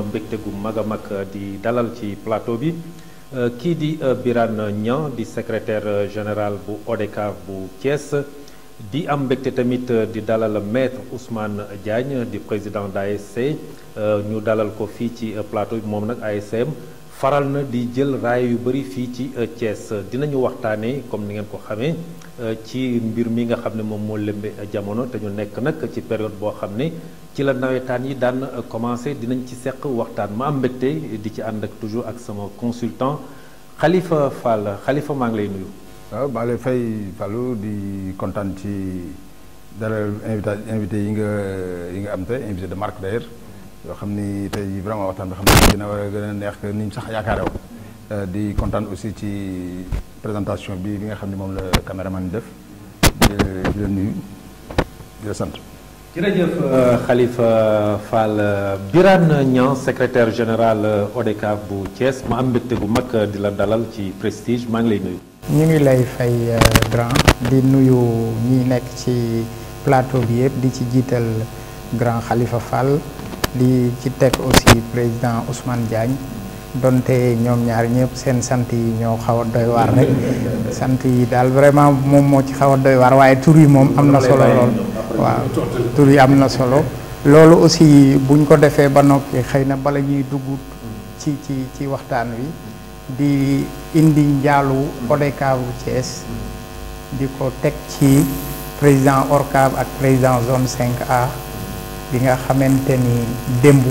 am gu mag a mag uh, di dalal ci plateau bi uh, kii di uh, Birane Niang di secretaire général bu ODCAV bu Thiès di am mbégte tamit di dalal maître Ousmane Diagne di président d' ASC ñu dalal ko fii ci plateau bi moom nag ASM faral na di jël raay yu bëri fii ci euh, Thiès dinañu waxtaanee comme ni ngeen ko xamee euh, ci mbir mi nga xam ne moom moo lëmbe jamono te ñu nekk nag ci période boo xam ne ci la nawetaan yi daan euh, commencé dinañ ci seq waxtaan ma am mbégte di ci ànd ak toujours ak sama consultant xalifa Fall xalifa maa ngi lay nuyu. waaw maa fay Fallou di kontaan ci dara invita invité yi nga yi nga am te invité de marque d'ailleurs yoo xam ni vraiment waxtaan bi dina war a neex ni sax yaakaare woon euh, di kontaan aussi ci présentation bi bi nga xamni mom moom la caméraman def euh, di la nuyu di la sant. jërëjëf euh, Khalifa Fall Birane ñan secrétaire général ODCAV bu Thiès ma am mbégte bu mag di la dalal ci prestige maa ngi lay nuyu. ñu ngi lay fay grand di nuyu ñi nekk ci plateau bi yëpp di ci jiital grand Khalifa Fall. di ci teg aussi président Ousmane Diagne donte ñoom ñaar ñëpp seen sant yi ñoo xaw a doy waar rek sant yi daal vraiment moom moo ci xaw a doy waar waaye tur yi moom am na solo lool waaw yi am na solo loolu aussi buñ ko defee ba noppi xëy na bala ñuy dugg ci ci ci waxtaan wi di indi njaalu ODCAV bu Thiès di ko teg ci président ORCAV ak président zone cinq a bi nga xamante ni démb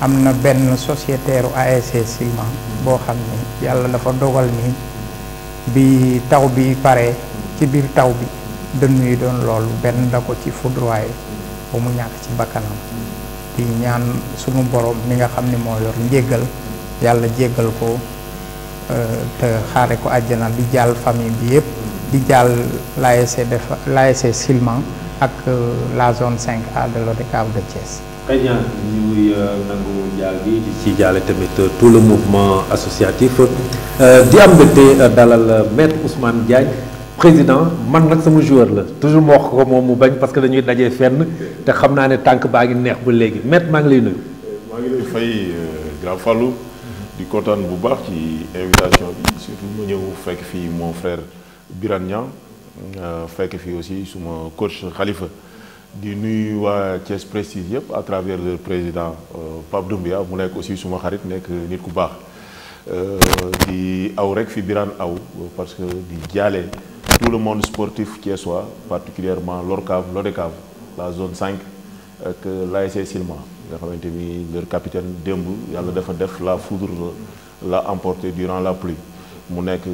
am na benn sociétaire ASC Ciment boo xam ni yàlla dafa dogal ni bi taw bi pare ci biir taw bi dënn yi doon loolu benn da ko ci foudroyé ba mu ñàkk ci bakkanam di ñaan sunu borom mi nga xam ni moo yor njéggal yàlla jéggal ko euh, te xaare ko àjjana di jàll famille bi yëpp di jàll l'ASC def l'ASC Ciment ak euh, la zone 5A de l'ODCAV de Thiès. très bien ñuy euh, nangu jaal bi ci jaale tamit euh, tout le mouvement associatif di am dalal maître Ousmane Diagne président man nak sama joueur la toujours mo wax ko moom mu bañ parce que dañuy dajé fenn té xamna né tank baangi neex bu légui. maître ma ngi lay nuyu. Ma ngi lay fay grand Fallou di contane bu baax ci invitation bi surtout mo ñëw fekk fi mon frère Birane Niang. Euh, fekk fi aussi suma coach Khalifa di nuyu wa Thiès Prestige yep à travers le président euh, Pape Doumbia mou aussi suma xarit nek nit ku baax euh, di aw rek fi Birane aw parce que di tout le monde sportif thiessois particulièrement l'ORCAV l'ODECAV la zone 5 ak l'ASC Silma nga xamanteni leur capitaine Dembou yalla dafa def la foudre l'a emporté durant la pluie mu nekk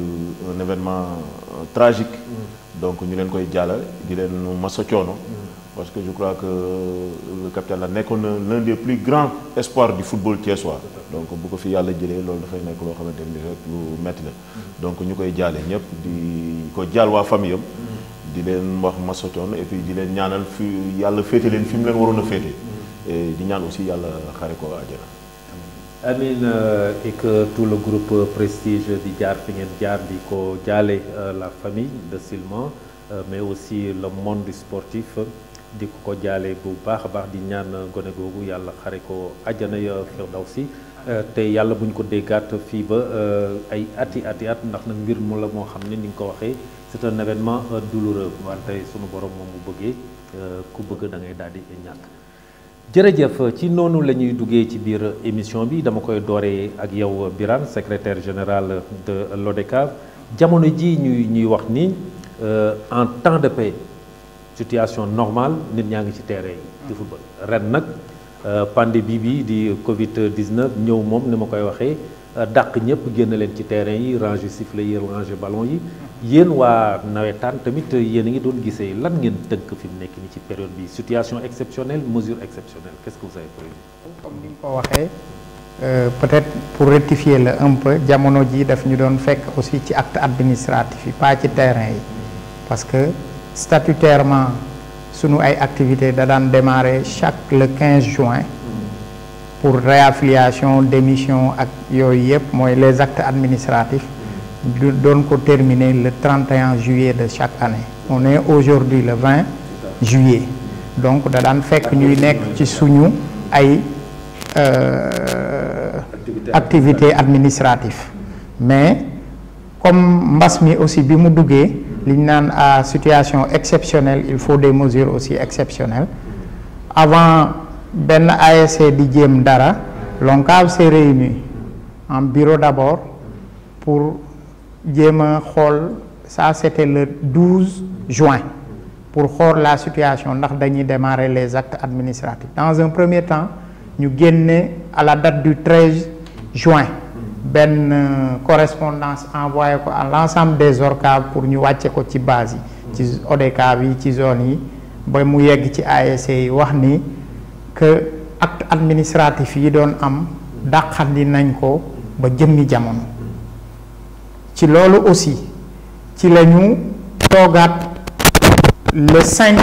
un événement euh, tragique mm. donc ñu leen koy jallale di leen masa coono mm. parce que je crois que euh, le capitaine la nekkoon l'un des plus grands espoirs du football thiessois donc bu ko fi yalla jëlee loolu dafay nekk loo xamante ni rek lu metti la mm. donc ñu koy jallé ñep di ko jall wa famille am di leen wax masa coono et puis di leen ñaanal fi yalla fété leen fi mu leen waroon fété et di ñaan aussi yalla xare ko àjjana amin euh, et que tout le groupe Prestige du jaar fi ngeen jaar di ko euh, la famille de Silman euh, mais aussi le monde sportif di ko ko jaale bu baax a baax di ñaan gone googu yàlla xare ko àjjana ya Firdawsi te yàlla buñ ko déggaat ay ati ati at ndax nag mbir mu la moo xam ni nga ko c'est un événement douloureux wante sunu borom moom mu bëggee ku bëgg da ngay jërëjëf ci noonu la ñuy duggee ci biir émission bi dama koy dooree ak yow Birane secrétaire général de l'ODCAV jamono ji ñuy ñuy wax ni euh, en temps de paix situation normale nit ñaa ngi ci terrain yi di football ren nag euh, pandémie bi di Covid 19 ñëw moom ni ma koy waxee dàq ñëpp génn leen ci terrain yi ranger sifflet yi ranger ballon yi yeen wa nawetaan tamit yéen a ngi doon gisee lan ngeen tënk fi mu nekk ni ci période bi situation exceptionnelle mesure exceptionnelle qu'est-ce que vous avez prévu comme ni nga ko waxee euh, peut-être pour rectifier la un peu jamono ji daf ñu doon fekk aussi ci acte administratif yi pas ci terrain yi parce que statutairement suñu ay activités da daan démarrer chaque le 15 juin pour réaffiliation démission les actes administratifs donc doon le 31 juillet de chaque année on est aujourd'hui le 20 juillet donc ça daan que ñuy euh, activité administrative mais comme Massmi aussi bi mu a une situation exceptionnelle il faut des mesures aussi exceptionnelles avant ben ASC di djem dara l'ONCAV s'est réuni en bureau d'abord pour djema xol ça c'était le 12 juin pour voir la situation ndax dañuy démarrer les actes administratifs dans un premier temps nous génne à la date du 13 juin Ben correspondance envoyé à l'ensemble des ORCAV pour nous voir ko ci base ci ODCAV bi ci zone yi ba mu yegg ci wax ke acte administratif yi doon am dàqandi nañ ko ba jëmmi jamono ci loolu aussi ci la ñu le 5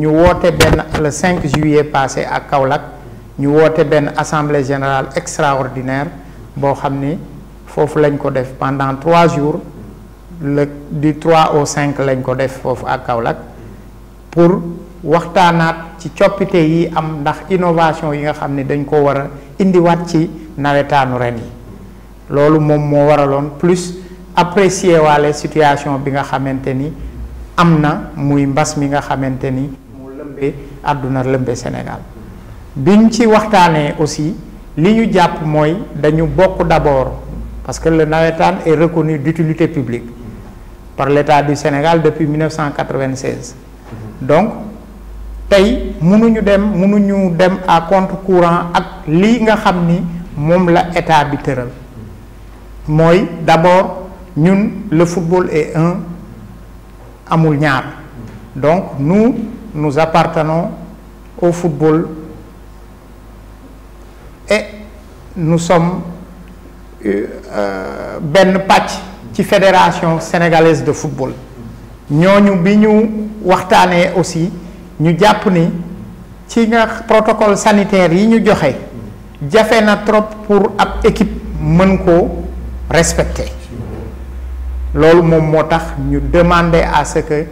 ñu woote benn le 5 juillet passé ak Kaolack ñu woote benn assemblée générale extraordinaire boo xam ni lañ ko def pendant 3 jours le du 3 au 5 lañ ko def foofu ak Kaolack pour waxtaanaat ci coppite yi am ndax innovation yi nga xam ne dañ ko war a indiwaat ci nawetaanu ren yi loolu moom moo waraloon plus apprécier waale situation bi nga xamante ni am na muy mbas mi nga xamante ni mu lëmbe àdduna lëmbe Sénégal biñ ci waxtaanee aussi li ñu jàpp mooy dañu bokk d'abord parce que le nawetaan est reconnu d'utilité publique par l'État du Sénégal depuis 1996 donc tey mënuñu dem mënuñu dem à contre-courant ak li nga xamni mom la état bi teural d'abord ñun le football est un amul ñaar donc nous nous appartenons au football et nous sommes euh, euh, Ben patch ci fédération sénégalaise de football ñoñu bi ñu waxtaanee aussi ñu jàpp ni ci nga protocole sanitaire yi ñu joxe jafe na trop pour ab équipe mën ko respecter loolu moom moo ñu demander à ce que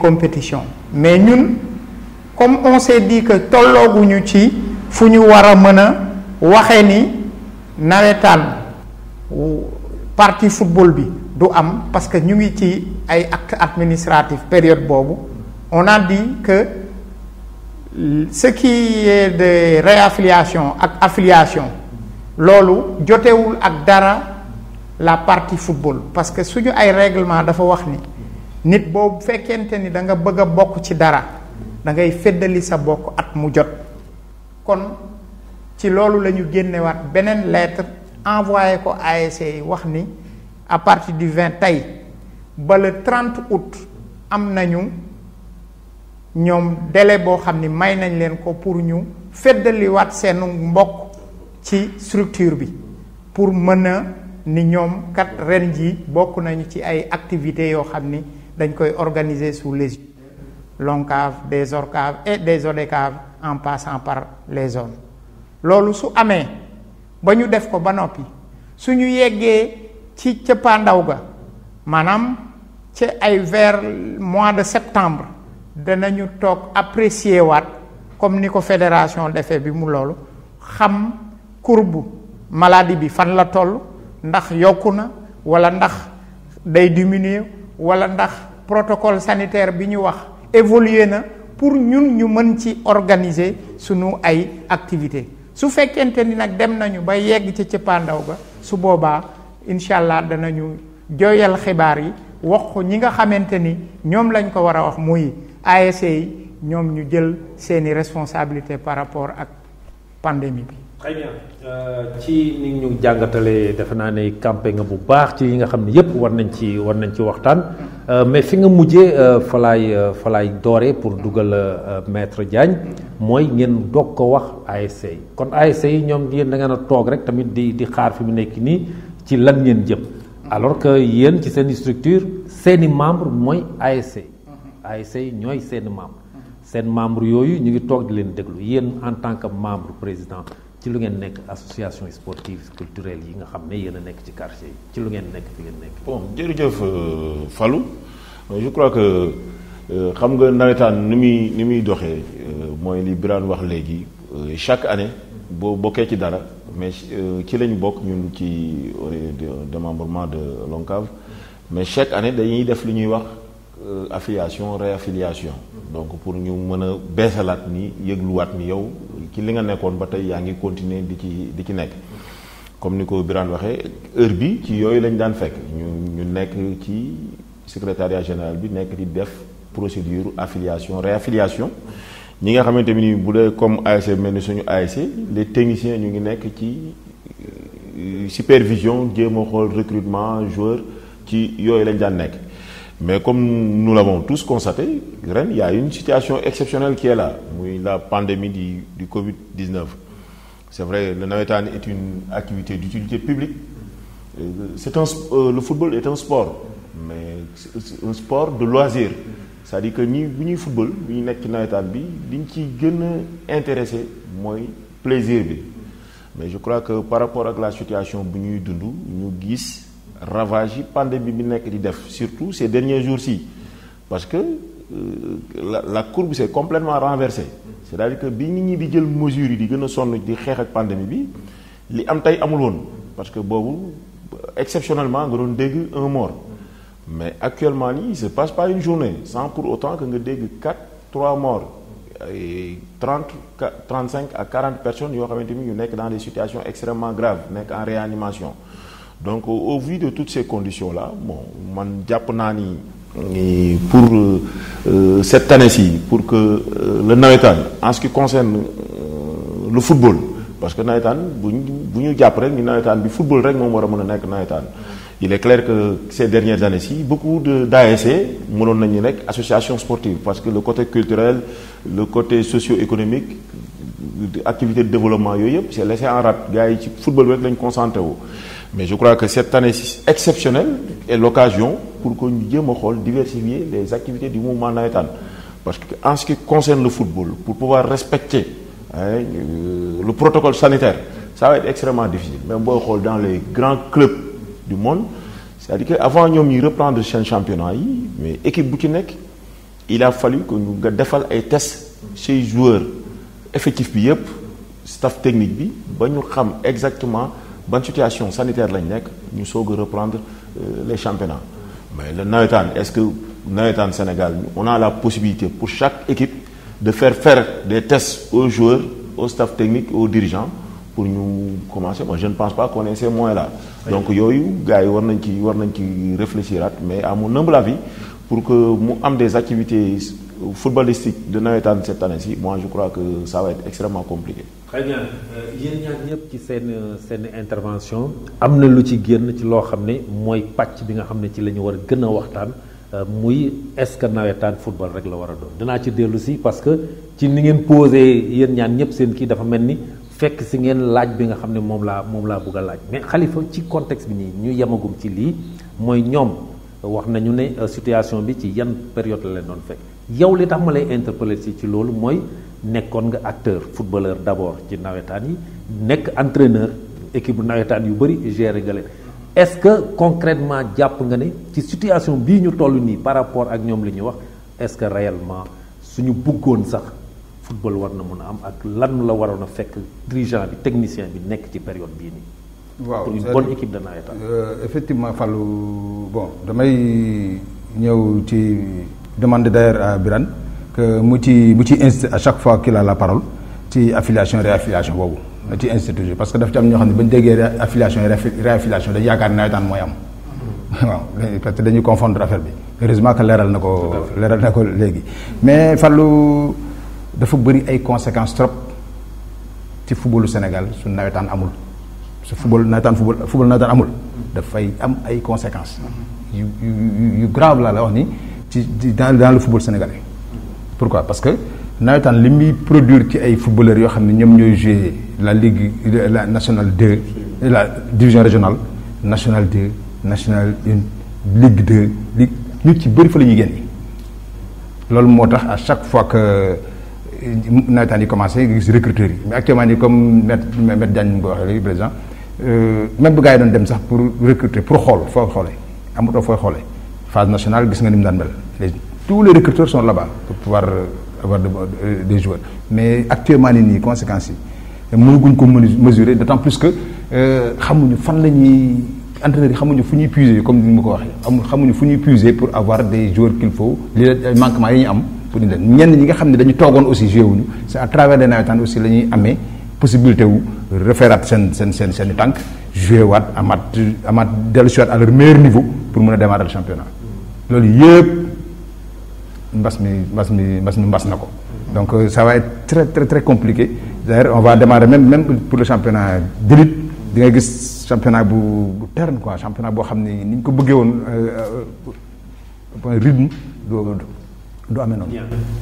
compétition mais ñun comme on s'est dit que tollooguñu ci fu ñu war a mën ni parti football bi du am parce que ñu ngi ci ay acte administratif période boobu on a dit que ce qui est de réaffiliation affiliation lolo, jotewul ak dara la partie football parce que suñu ay règlement dafa wax ni nit boo vous ni da nga ci dara da ngay sa bokk at mu jot kon ci lettre envoyé ko à partir du 20 le 30 août am nous délai fait xam ni may nañ ko pour ñu feddaliwaat seen mbokk ci structure bi pour mën nous ni ñoom kat ren ji ci ay activités dañ sous les l'ONCAV des et des en passant par les zones loolu su amee nous def ko ba noppi suñu yeggee ci cëppaandaw ga mois de septembre danañu toog apprécier waat comme ni ko fédération defee bi mu loolu xam courbe maladie bi fan la toll ndax yokku na wala ndax day diminuer wala ndax protocole sanitaire bi ñu wax évoluer na pour ñun ñu mën ci organiser sunu ay activité su fekkente ni nag dem nañu ba yegg ca cëppaandaw ga su boobaa incha allah danañu joyal xibaar yi wax ko ñi nga xamante ni ñoom lañ ko war a wax muy ASC yi ñoom ñu jël seeni responsabilité par rapport ak pandémie bi très bien euh, ci ni ñu jàngatale defe naa ne campé nga bu baax ci yi nga xam yépp war nañ ci war nañ ci waxtaan euh, mais fi nga mujjee euh, falaay falaay doore pour dugal maître Diagne mooy ngeen Dok ko wax ASC kon ASC yi ñoom yéen da ngeen a rek tamit di di xaar fi mu nekk nii ci lan ngeen jëm alors que yéen ci seen structure seeni membre mooy ASC mhm. ASC ñooy seeni membre seen membre yooyu ñu ngi toog di leen déglu yéen en tant que membre président ci lu ngeen nekk association sportive culturelle yi nga xam ne yéen a nekk ci quartier yi ci lu ngeen nekk fi ngeen nekk. bon jërëjëf euh, Fallou euh, je crois que euh, xam nga nawetaan ni muy ni muy doxee mooy li Birane wax léegi chaque année boo bokkee ci dara mais euh, ci la ñu bokk ñun ci euh, démembrement de l'ONCAV mais chaque année dañuy def lu ñuy wax euh, affiliation réaffiliation donc pour ñu mën a beesalaat ni yëgluwaat ni yow ci li nga nekkoon ba tey yaa ngi continuer di ci di ci nekk comme ni ko Birane waxee heure bi ci yooyu lañ daan fekk ñu ñu nekk ci secrétariat général bi nekk di def procédure affiliation réaffiliation ñi nga xamante ni comme ASC les techniciens ñu ngi ci euh, supervision jéem a recrutement joueur ci yooyu lañ mais comme nous l'avons tous constaté il y a une situation exceptionnelle qui est là muy la pandémie du Covid 19. c'est vrai le nawetaan est une activité d'utilité publique euh, c'est un euh, le football est un sport mais un sport de loisir c'est-à-dire que nous, bu ñuy football bu ñu nekk ci nawetaan bi ci plaisir mais je crois que par rapport à la situation bu nous dund ñu gis ravage pandémie bi di surtout ces derniers jours-ci parce que euh, la courbe s'est complètement renversée c'est-à-dire que bi nit ñi di mesures yi di gën a sonn di xeex ak pandémie bi li am tey amul parce que exceptionnellement nous avons eu un mort mais actuellement il il se passe pas une journée sans pour autant que nous dégg 4 3 morts et 35 à 40 personnes y aura dans des situations extrêmement graves sont en réanimation donc au vu de toutes ces conditions là bon man pour euh, euh, cette année-ci, pour que euh, le Naitan, en ce qui concerne le football, parce que Naïtan, si nous avons le football, nous avons le Naitan il est clair que ces dernières années-ci, beaucoup d'ASC, associations sportives, parce que le côté culturel, le côté socio-économique, l'activité de développement, c'est laissé en rate. Les football est concentré. Mais je crois que cette année ci exceptionnelle est l'occasion pour que nous diversifier les activités du mouvement naïtan. Parce qu'en ce qui concerne le football, pour pouvoir respecter hein, euh, le protocole sanitaire, ça va être extrêmement difficile. Même dans les grands clubs du monde c'est-à-dire que avant reprendre le championnat mais équipe il a fallu que nous nga des tests chez les joueurs effectifs, les staff technique pour que nous xam exactement la situation sanitaire lañ nekk nous reprendre euh, les championnats mais le nawetaan est-ce que nawetaan Sénégal on a la possibilité pour chaque équipe de faire faire des tests aux joueurs au staff technique aux dirigeants pour nous commencer moi je ne pense pas qu'on ait ces moyens là donc il y a war nañ qui war mais à mon humble avis pour que mu am des activités footballistiques de nawetaan cette année-ci moi je crois que ça va être extrêmement compliqué. très bien euh, yéen ñaar ñëpp ci seen une intervention am na lu ci génn ci loo xam ne mooy pàcc bi nga xam ci a euh, muy est-ce que nawetaan football rek la war a doon dinaa ci dellu si parce que ci ni ngeen posé yéen ñaan ñëpp seen kii dafa mel fekk si ngeen laaj bi nga xam ne moom laa moom laa bëgg a laaj mais xalifa ci contexte bi nii ñu yemagum ci lii mooy ñoom wax nañu ne euh, situation bi ci yan période la leen doon fekk yow li tax ma lay interpeller ci loolu mooy nekkoon nga acteur footballeur d'abord ci nawetaan yi nekk entraîneur équipe nawetaan yu bëri géré nga leen est-ce que concrètement jàpp nga ne ci situation bii ñu toll nii par rapport ak ñoom li ñuy wax est-ce que réellement suñu bëggoon sax football war na mën a am ak lan la waroon a fekk dirigeant bi technicien bi nekk ci période bii nii. waaw pour une bonne équipe de Euh, effectivement Fallou bon damay ñëw ci demande d'ailleurs à Birane que mu ci mu ci insiste à chaque fois qu'il a la parole ci affiliation réaffiliation boobu. ci institut parce que daf ci am ñoo xam ne bañ déggee affiliation réaffiliation dañu yaakaar ne nawetaan mooy am. Mm-hmm. waaw parce que dañuy confondre affaire bi heureusement que leeral na ko leeral na ko léegi mais Fallou dafa bëri ay conséquences trop ci footballu Sénégal su nawetaan amul su football nawetaan football football nawetaan amul dafay am ay conséquences yu yu yu grave laa la wax ni ci dans dans le football sénégalais. pourquoi parce que nawetaan li muy produire ci ay footballeurs yoo xam ne ñoom ñooy jouer la ligue la nationale 2 la division régionale nationale 2 nationale 1 ligue 2 ligue ñu ci bëri fa la ñuy génn loolu moo tax à chaque fois que nawetaan yi commencé gis recruteurs yi mais actuellement nii comme met met Diagne ko waxee léegi président euh, même bu gars yi doon dem sax pour recruter pour xool foo xoolee amutoo fooy xoolee phase nationale gis nga ni mu daan mel léegi tous les recruteurs sont là-bas pour pouvoir avoir euh, des joueurs mais actuellement nii nii conséquences yi mënaguñ ko mesurer d'autant plus que euh, xamuñu fan la ñuy entraîneurs yi xamuñu fu ñuy puiser comme ni ma ko waxee xamuñu fu ñuy puiser pour avoir des joueurs qu'il faut li manquement yi ñu am pour nous dem ñenn ñi nga xam ne dañu toogoon aussi joué wuñu c'est à travers les nawetaan aussi la ñuy amee possibilité wu referaat seen seen seen seen i tànk joué waat amaat amaat dellu à leur meilleur niveau pour mën a démarrer le championnat loolu yëpp mbas mi mbas mi mbas mi mbas na ko. donc euh, ça va être très très très compliqué d'ailleurs on va démarrer même même pour le championnat d'élite di nga gis championnat bu bu terne quoi championnat boo xam ne ni ñu ko bëggee woon euh, euh, rythme doo du amee noonu.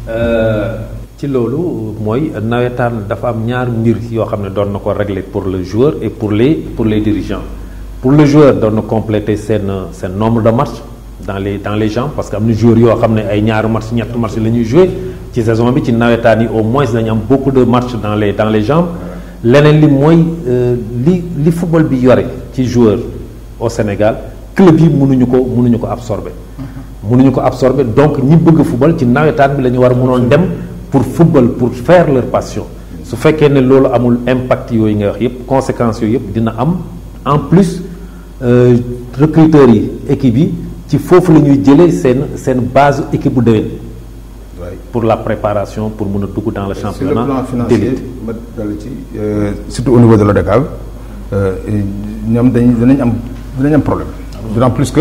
Euh, ci loolu mooy nawetaan dafa am ñaar mbir yoo xam ne doon na ko régler pour le joueur et pour les pour les dirigeants pour le joueur doon na compléter seen seen nombre de matchs dans les dans les gens parce que am na joueurs yoo xam ne ay ñaari match ñetti match la ñuy jouer ci saison bi ci nawetaan yi au moins dañu am beaucoup de matchs dans les dans les jambes leneen li mooy euh, li li football bi yore ci joueur au Sénégal club yi mënuñu ko mënuñu ko absorber mënuñu ko absorber donc ñi bëgg football ci nawetaan bi la ñu war a mënoon dem pour football pour faire leur passion su fekkee ne loolu amul impact yooyu nga wax yëpp conséquences yooyu yëpp dina am en plus euh, recruteurs yi équipe yi ci foofu la ñuy jëlee seen seen base équipe bu déwén pour la préparation pour mën a dugg dans le championnat d'élite ma dal ci euh, surtout au niveau de l'ODCAV euh, ñoom dañ dinañ am dinañ am problème ah d'autant plus que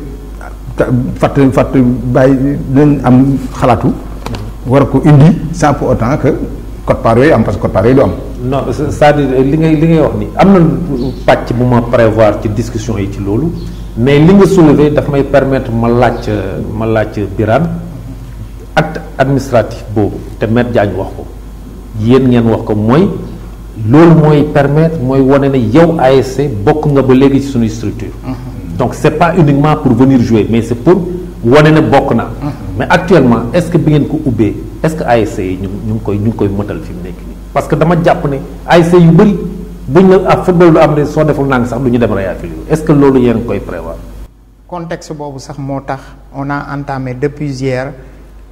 fàtte fàtte bàyyi dañ am xalaatu war ko indi sans pour autant que code part yooyu am parce que code part yooyu du am non cest à li ngay li ngay wax nii am na pàcc bu ma prévoir ci discussion yi ci loolu mais li nga soulever daf may permettre ma laaj ma laaj Birane ak administratif boobu te Maître Diagne wax ko yéen ngeen wax ko mooy loolu mooy permettre mooy wane ne yow ASC bokk nga ba léegi ci suñuy structure mm-hmm. donc c'est n'est pas uniquement pour venir jouer mais c'est pour wane ne mais actuellement est ce que bi ngeen ko est ce que ASC ñu ñu ngi koy ñu parce que dans jàpp ne ASC yu bëri buñ la film. Ah, football lu deful sax est ce que loolu yéen ngi koy prévoir. contexte boobu sax moo on a entamé depuis hier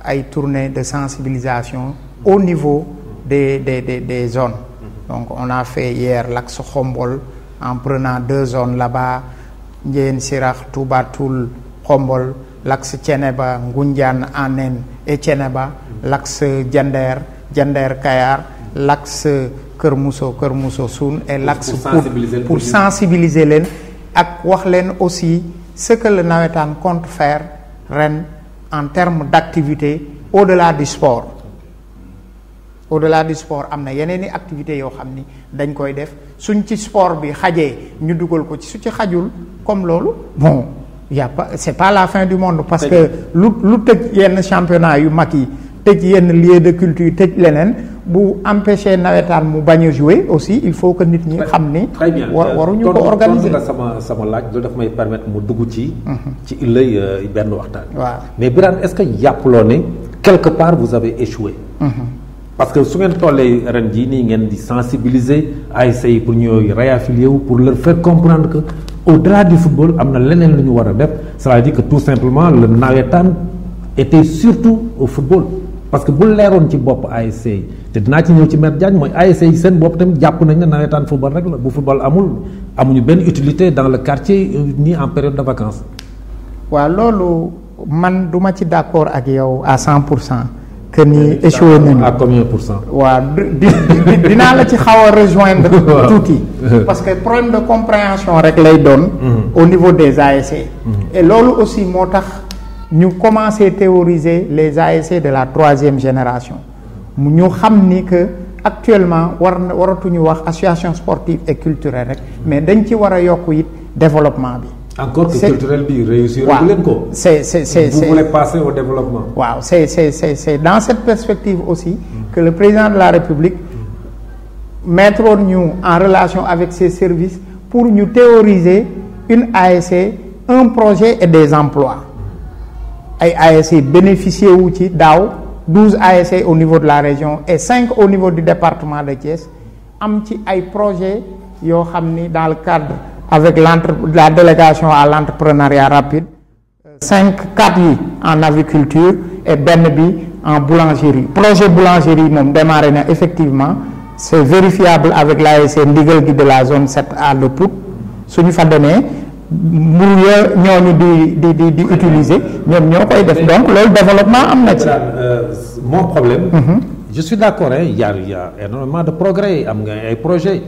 ay tournées de sensibilisation au niveau des des des zones. Mhm. donc on a fait hier l'axe Khombol en prenant deux zones là-bas pour sirax Touba Toul l'axe Ngunjan, Anen et l'axe Kayar l'axe et l'axe pour sensibiliser les, ak wax len aussi ce que le nawetan compte faire en termes d'activité au-delà du sport au-delà du sport am na yeneen i activités yoo xam ni dañ koy def suñ ci sport bi xajee ñu dugal ko ci su ci xajul comme loolu bon y a pas c'est pas la fin du monde parce que lu lu tëj yenn championnat yu mag yi tëj yenn lieu de culture tëj leneen bu empêcher nawetaan mu bañ a jouer aussi il faut que nit ñi xam ni waruñu ko organiser nga sama sama laaj loolu daf may permettre mu dugg ci mhm. ci illay euh, benn waxtaan waaw mais Birane est-ce que yàppuloo ne quelque part vous avez échoué mhm parce que su ngeen tollee ren jii nii ngeen di sensibiliser pour ñooy réaffilier wu pour leur faire comprendre que au-delà du football am na leneen lu ñu war def ça veut dire que tout simplement le nawetaan était surtout au football parce que bu leeroon ci bopp ASC yi te dinaa ci ñëw ci maire Diagne mooy ASC yi seen bopp tamit jàpp nañ ne football rek la bu football amul amuñu benn utilité dans le quartier euh, ni en période de vacances. Oui, loolu man duma ci d'accord ak yow à 100 que ni eh, échoué à combien pour cent. waaw di la ci xaw rejoindre. parce que problème de compréhension rek lay doon. Mm-hmm. au niveau des ASC. Mm-hmm. et là aussi moo tax ñu commencé théoriser les ASC de la troisième génération Nous ñu xam ni que actuellement war wax association sportive et culturelle mais dañ ci war a développement encore culturel bi réussir c'est passer au développement c'est dans cette perspective aussi mm. que le président de la République mettre mm. ñu en relation avec ses services pour nous théoriser une ASC un projet et des emplois ay ASC bénéficier wu ci ASC au niveau de la région et 5 au niveau du département de Thiès am ci projet yoo dans le cadre avec la délégation à l'entrepreneuriat rapide, 5 quatre en aviculture et deux lits en boulangerie projet boulangerie moom démarré effectivement c'est vérifiable avec l'ASC ndigal de la zone 7 à le Ce suñu fa donné. mburu ya ñooñu di di di donc le développement am euh, mon problème mhm je suis d'accord hein, il y a énormément de progrès y projet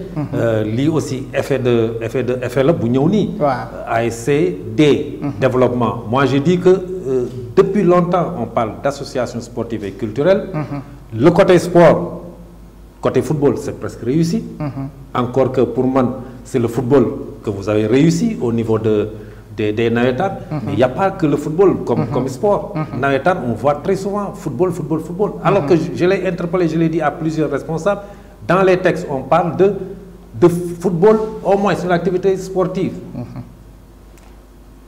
liés aussi effet de effet de effet de bu ASCD mhm. développement moi je dis que euh, depuis longtemps on parle d'associations sportives et culturelles, mhm. le côté sport côté football c'est presque réussi mhm. encore que pour moi c'est le football que vous avez réussi au niveau de des, mhm. Il n'y a pas que le football comme, mhm. comme sport. Mhm. on voit très souvent football, football, football. Alors que je, l'ai interpellé, je l'ai dit à plusieurs responsables, dans les textes, on parle de, de football, au moins, Sur une activité sportive.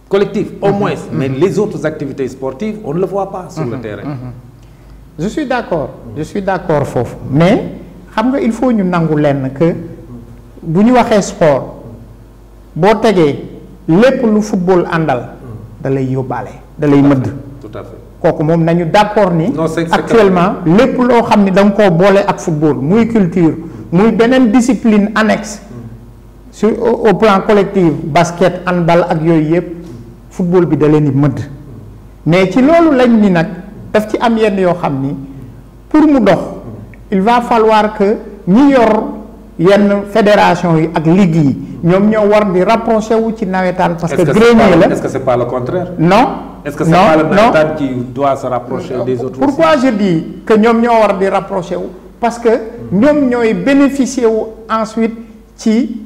Collectif au moins. Mais les autres activités sportives, on ne le voit pas sur le terrain. Je suis d'accord, je suis d'accord, Fof. Mais, il faut nous que, si nous sport, si lépp lu football andal, da lay yobale, da lay meud tout à fait kooku mom nañu d'accord ni actuellement lépp lo xamni dang ko bolé ak football muy culture muy benen discipline annexe sur au plan collectif basket handball ak yoy yëpp football bi da leni meud mais ci lolu lañ ni nak daf ci am yenn yo xamni pour mu dox il va falloir que ñi yor yenn fédération yi ak ligue yi ñoom ñoo war di rapproché wu ci nawetaan parce que grenier la est-ce que c'est pas le contraire non Est-ce que c'est pas le nawetaan qui doit se rapprocher des autres pourquoi je dis que ñoom ñoo war di rapproché wu parce que ñoom ñooy bénéficier wu ensuite ci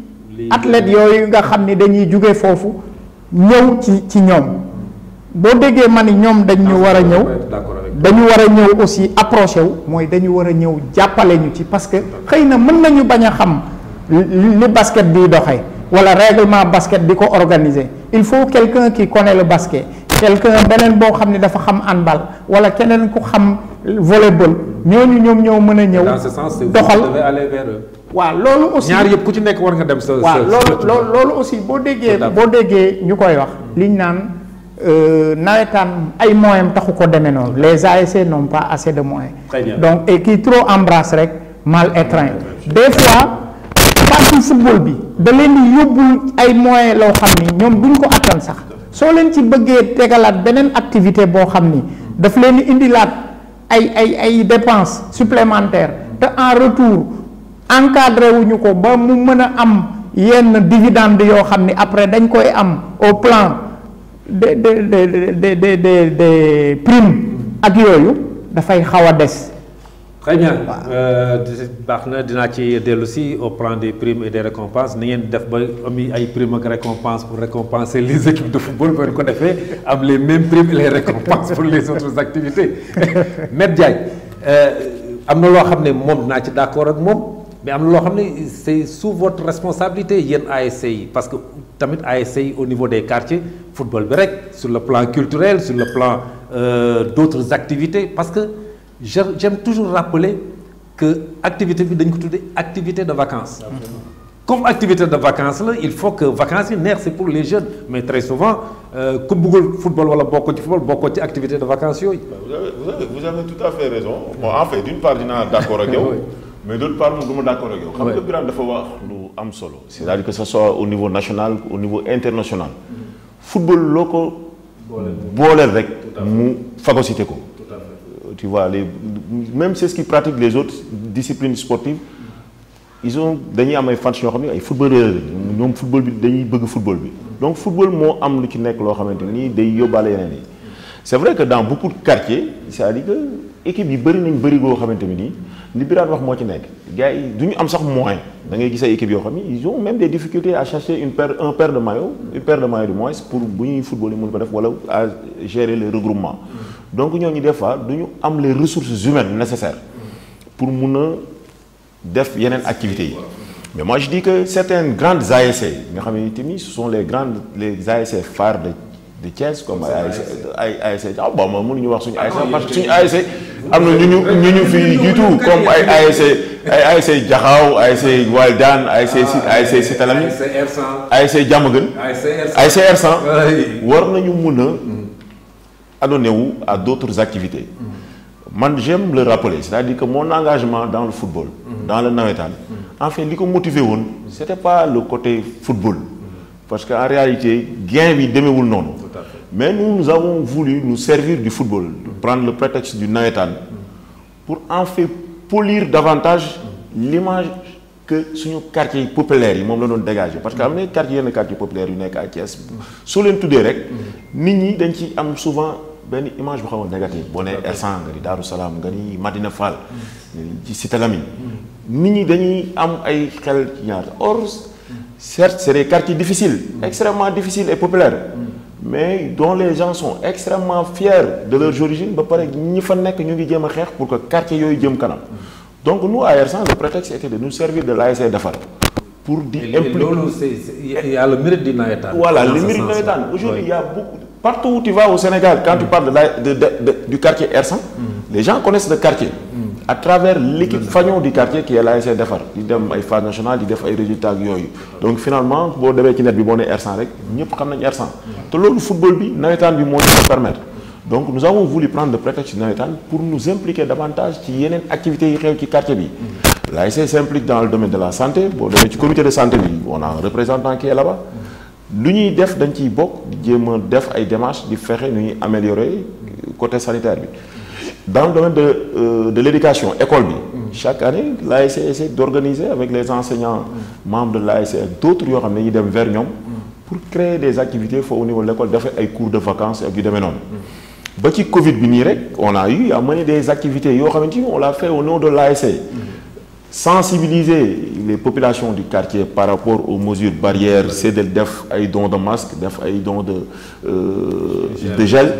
athlète yooyu nga xam ni dañuy jóge foofu ñëw ci ci ñoom boo déggee ma ni ñoom dañ ñu ah, war a ñëw dañu wara ñëw aussi approché wu mooy dañu wara ñëw jàppale ñu ci parce que xëy na mën nañu bañ a xam li basket bi doxee wala règlement basket bi ko organiser il faut quelqu'un qui connaît le basket quelqu'un beneen boo xam ne dafa xam handball wala keneen ku xam volleyball ñooñu ñoom ñoo mën a ñëw. doxal waaw loolu aussi ñaar yëpp ku ci nekk war nga dem sa. waaw loolu loolu aussi boo déggee boo déggee ñu koy wax liñ naan. Euh, les ASC n'ont pas assez de moyens donc et qui trop embrasse mal étreint des fois partie football bi da de di moyens ils ont ko sax ci activité dépenses supplémentaires en retour encadré wuñu ko ba mu am après dañ koy am au plan des des des des des primes ak yooyu dafay xaw très bien euh, baax na dinaa ci dellu si au plan des primes et des récompenses ni ngeen def ba ami ay primes et récompenses pour récompenser les équipes de football ba ko defee am les mêmes primes et les récompenses pour les autres activités Maître Diagne euh, am na loo d'accord, ne ci mais am na loo c'est sous votre responsabilité yéen ASC essayé, parce que tamit à au niveau des quartiers football break sur le plan culturel sur le plan euh, d'autres activités parce que j'aime toujours rappeler que activité de vacances comme activité de vacances là il faut que vacances yi c'est pour les jeunes mais très souvent comme euh, le football wala beaucoup de football de vacances bah, vous avez tout à fait raison en fait d'une part d'accord avec vous. mais d'autre part je suis d'accord d'accord vous. Quand xam le Birame dafa wax nous am solo. c'est-à-dire que ce soit au niveau national au niveau international. Le football local, ko. avec, rek mu phagocyté ko. tu vois les même c'est ce qu'ils pratiquent les autres disciplines sportives ils ont des à mes fans qui ont ne ay footballeurs football bi dañuy bëgg football bi. donc football moi, am lu ci nekk loo ni c'est vrai que dans beaucoup de quartiers c'est-à-dire que l'équipe yi bëri nañ libéral wax moo ci nekk gars yi duñu am sax moyen da ngay gis ay équipes yoo xam ils ont même des difficultés à chercher une paire un paire de maillot une paire de maillot du moins pour bu ñuy football yi mun ko def wala à gérer le regroupement. donc ñooñu des fois duñu am les ressources humaines nécessaires pour mun a def yeneen activités yi mais moi je dis que certaines grandes ASC nga xam ne tamit ce sont les grandes les ASC phares de de Thiès comme ASC ASC ah bon mënuñu wax suñu ASC ah, parce que suñu ASC amna ñu ñu ñu fi tout comme ay ASC ay ASC Jaxaaw ASC ASC ASC Sitalami ASC Jàmmagën ASC R100 war nañu nous wu à d'autres activités man j'aime le rappeler c'est-à-dire que mon engagement dans le football dans le nawetaan en fait li ko motivé ce c'était pas le côté football parce que en réalité gain bi demewul noonu mais nous, avons voulu nous servir du football, prendre le prétexte du Naïtan, pour en fait polir davantage l'image que ce quartier populaire populaires. moom la dégagé parce que ce quartier quartier populaire yu quartier, quartier Thiès tout solide tout rek souvent une image négative Ersang, Darussalam, Fall or certes c'est des quartiers difficiles extrêmement difficiles et populaires mais dont les gens sont extrêmement fiers de leurs origines pour que quartier donc nous à Ersan, le prétexte était de nous servir de l'ASA d'affaires. pour dire. il y a le mérite du voilà le mérite du nawetaan aujourd'hui il y a beaucoup partout où tu vas au Sénégal quand tu mm. parles du quartier Ersan, mm. les gens connaissent le quartier mm à travers l'équipe Fagnon du quartier qui est l'ASC defar di dem ay phase nationale qui def ay résultats donc finalement pour demee ci net bi R100 rek ñëpp xam nañ R100 te le football bi nawetaan bi moo ñu permettre donc nous avons voulu prendre le prétexte nawetaan pour nous impliquer davantage dans les activités yi xew ci quartier bi l'ASC s'implique dans le domaine de la santé dans le comité de santé bi on a un représentant qui est là-bas nous avons def dañ ciy def ay démarches di fexe nu ñuy améliorer côté sanitaire bi dans le domaine de, euh, de l'éducation, école, chaque année, l'ASC essaie d'organiser avec les enseignants membres de l'ASC d'autres qui sont vers nous pour créer des activités au niveau de l'école, faire des cours de vacances et des ba ci Covid est on a eu à mené des activités on l'a fait au nom de l'ASC sensibiliser les populations du quartier par rapport aux mesures barrières c'est de def des dons de masque def dons de euh, gel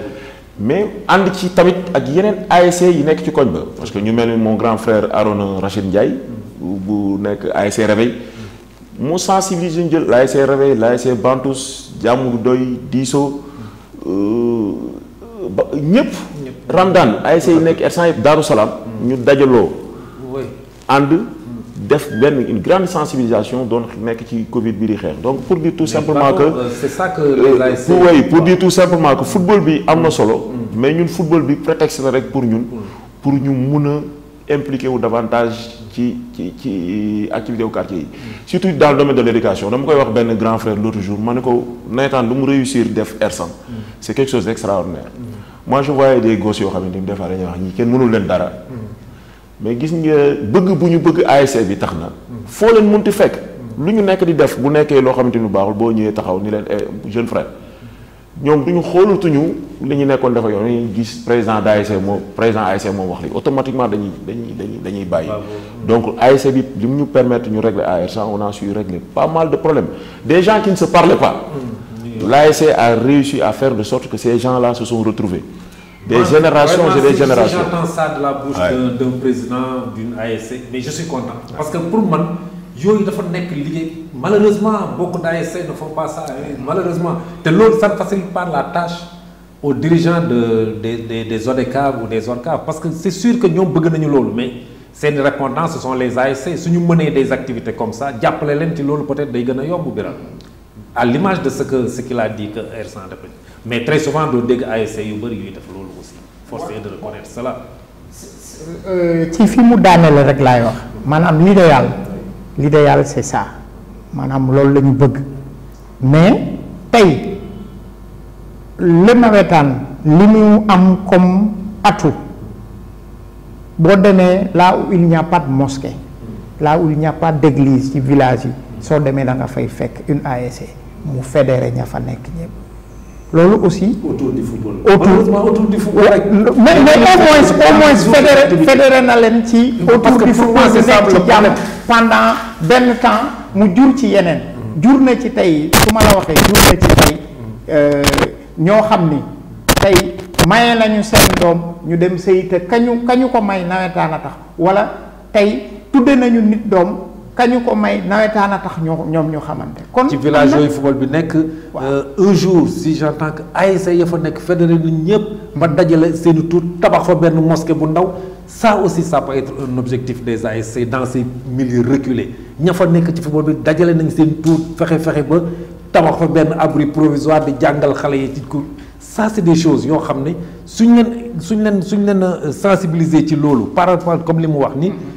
mais ànd ci tamit ak yeneen ASC yi nekk ci koñ ba parce que ñu mel mon grand frère Arona Rachid Ndiaye bu nekk ASC Réveil mu sensibiliser ñu jël l'ASC Réveil Bantous Jamu Doy Diso euh, ba ñëpp. Ramadan ASC yi nekk instant yëpp Daaru Salaam. ñu dajaloo. ànd def ben une grande sensibilisation doon nekk ci Covid bi di donc pour dire tout simplement que euh, c'est euh, pour dire tout simplement que football bi un mm. solo mm. mais ñun football bi prétexte la pour ñun mm. pour ñu mëna impliqué davantage ci ci ci activité au quartier surtout dans le domaine de l'éducation dama koy wax ben grand frère l'autre jour mané ko nawetaan lu mu réussir def ersan c'est quelque chose d'extraordinaire moi je voyais des gosses qui ont ni des fois wax ñi kenn mënul mais gis nga bëgg bu ñu bëgg ASC e bi tax na. foo leen munti fekk. lu ñu nekk di def bu nekkee loo xamante ni baaxul boo ñëwee taxaw ni leen eh, jeune frère. ñoom duñu ñu xoolatuñu li ñu nekkoon dafa yoon dañuy gis président d' ASC e moo président ASC e moo wax li automatiquement dañuy dañuy dañuy dañuy bàyyi. Ah, donc ASC bi li mu ñu permettre ñu régler AR ça on a su régler pas mal de problèmes des gens qui ne se parlaient pas. Mm. l'ASC a réussi à faire de sorte que ces gens là se sont retrouvés des générations et des générations. J'entends ça de la bouche d'un président d'une ASC, mais je suis content. Parce que pour moi, dafa pas malheureusement beaucoup d'ASC ne font pas ça hein. malheureusement ça ne facilite pas la tâche aux dirigeants de des des des cave. ou des ORCAV parce que c'est sûr que nous, bëgg nañu nous. mais une répondants ce sont les ASC Si nous menons des activités comme ça peut-être day gën a yomb à l'image de ce que ce qu'il a dit que R100 def mais très souvent doo dégg ASC yu bëri yuy def loolu aussi force est de reconnaître cela Si euh, fi mu daanele rek laay wax l'idéal l'idéal c'est ça Manam loolu la ñu bëgg mais aujourd'hui, le nawetaan li mu am comme atout de donner, là où il n'y a pas de mosquée là où il n'y a pas d'église ci village yi soo demee da nga fay une ASC mu fédéré ña fa nekk ñëpp loolu aussi. autour du football autour du football rek. mais mais fédéré fédéré na leen ci. autour du football bi nekk ci jàmm pendant benn temps mu jur ci yeneen. Mm. jur na ci tey su ma la waxee jur na ci tey euh, ñoo xam ni tey maye nañu seen doom ñu dem sëy te kañu kañu ko may nawetaan a tax wala tey tudde nañu nit doom. kañu ko may nawetaan tax ñom ñoom ñu xamanté kon ci village yooyu football bi nekk euh, un jour si j'entends que ASC ya fa nekk fédéré na ñëpp ba dajalé seen i tabax fa ben mosquée bu ndaw ça aussi ça peut être un objectif des ASC dans ces milieux reculés ña fa nekk ci football bi dajalé nañ seen tur fexé fexé ba tabax fa ben abri provisoire di jangal xalé yi ci ko ça c'est des choses yo xamné ne suñ leen suñ leen suñ leen euh, sensibiliser ci lolu par rapport comme limu wax ni mm-hmm.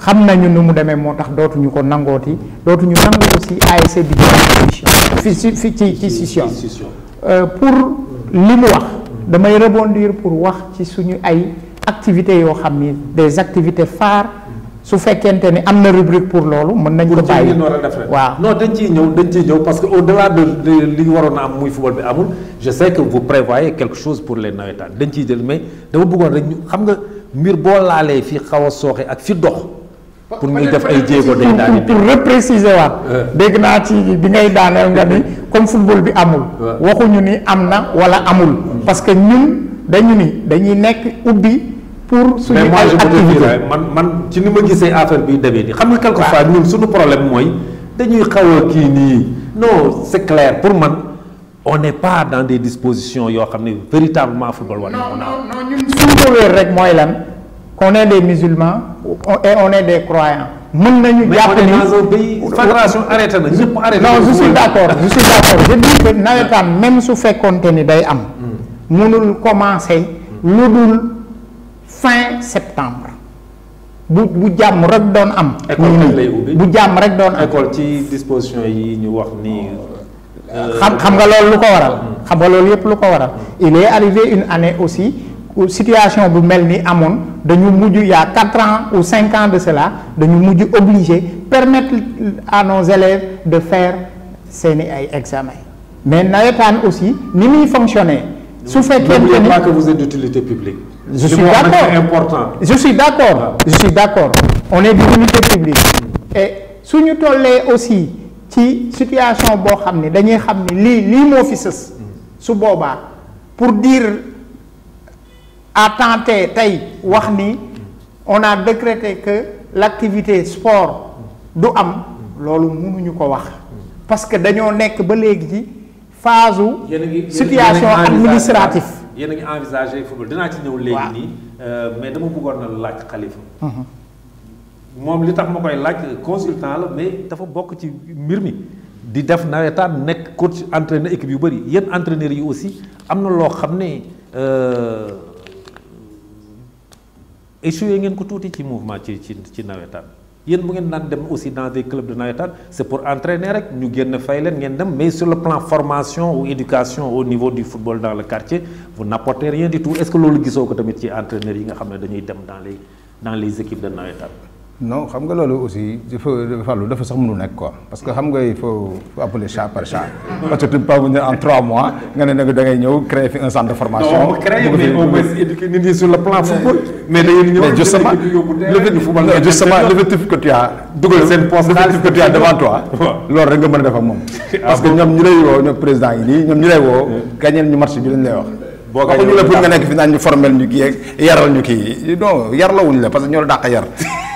xam nañu nu mu demee moo tax dootuñu ko nangooti dootuñu nangu aussi ASC bi fi ci fi ci ci scission euh, pour li mu wax damay rebondir pour wax ci suñu ay activités yoo xam ni des activités phares su fekkente ni am na rubrique pour loolu mën nañu ko bàyyi waaw non dañ ciy ñëw dañ ciy ñëw parce que au delà de li waroon a am muy football bi amul je sais que vous prévoyez quelque chose pour les nawetaan dañ ciy jël mais dama bëggoon rek ñu xam nga mbir boo laalee fi xaw a sooxe ak fi dox pour ñu def ay jéego day daal pour repréciser waat euh. dégg ci bi ngay daaneel nga ni euh. comme football bi amul waxu ñu ni amna wala amul mm. parce que ñun dañu ni dañuy nek ubi pour suñu ay activité hein, man man ci ni ma gisee affaire bi demee nii xam nga quelque fois ñun suñu problème moy dañuy xaw ki ni nii non c'est clair pour man on n'est pas dans des dispositions yo xamni véritablement football wala non non ñun suñu ko rek moy lan qu'on est des musulmans et on est des croyants. Mais nañu ni non je suis d'accord je suis d'accord je dis que même fait fait day am. mënul hmm. commencer nous fin septembre. bu am. école disposition yi ñu wax ni. xam euh, xam nga ko waral. Hmm. xam waral. Hmm. il est arrivé une année aussi situation bu Melni Amon, de nous il y a quatre ans ou cinq ans de cela dañu nous obligé permettre à nos élèves de faire ces examens examen mais nawetaan aussi ni fonctionner su fait pas que vous êtes d'utilité publique je suis d'accord je suis d'accord ah. je suis d'accord on est d'utilité publique et suñu sommes aussi ci situation bo xam dañuy sous li li fi pour dire a tenté tey wax ni on a décrété que l'activité sport du am loolu mënuñu ko wax parce que dañoo nek ba légui phase situation administrative yéen a ngi envisager football dina ci ñëw léegi nii euh, mais dama bëggoon na laaj Khalifa mhm. moom li tax makoy koy consultant la mais dafa bok ci mirmi. di def nawetaan nek coach entraîneur équipe yu bari yéen entraîneur yi aussi amna lo xamné euh échoué ngeen ko tuuti ci mouvement ci ci ci nawetaan yéen bu ngeen daan dem aussi dans des clubs de nawetaan c' est pour entraîner rek ñu génn fay leen ngeen dem mais sur le plan formation ou éducation au niveau du football dans le quartier vous n' apportez rien du est ce que loolu gisoo ko tamit ci entraîneurs yi nga xam ne dañuy dem dans les dans les équipes de nawetaan non xam nga loolu aussi dafa fàllu dafa sax mënul nekk quoi parce que xam nga il faut faut appeler chat par chat. Ah. parce que tu pas mu nga ne nag da ngay ñëw créer fi un centre de formation. non créer mais au justement l'effectif que tu as dugal seen loolu rek nga mën a moom. parce que ñoom ñu lay woo ñoom président yi nii ñoom ñu lay woo. gañeel ñu marché bi lañ lay wax. boo gaañoo ñu la pour nga nekk fi naan formel ñu kii yaral ñu kii non wuñ la parce que ñoo la yar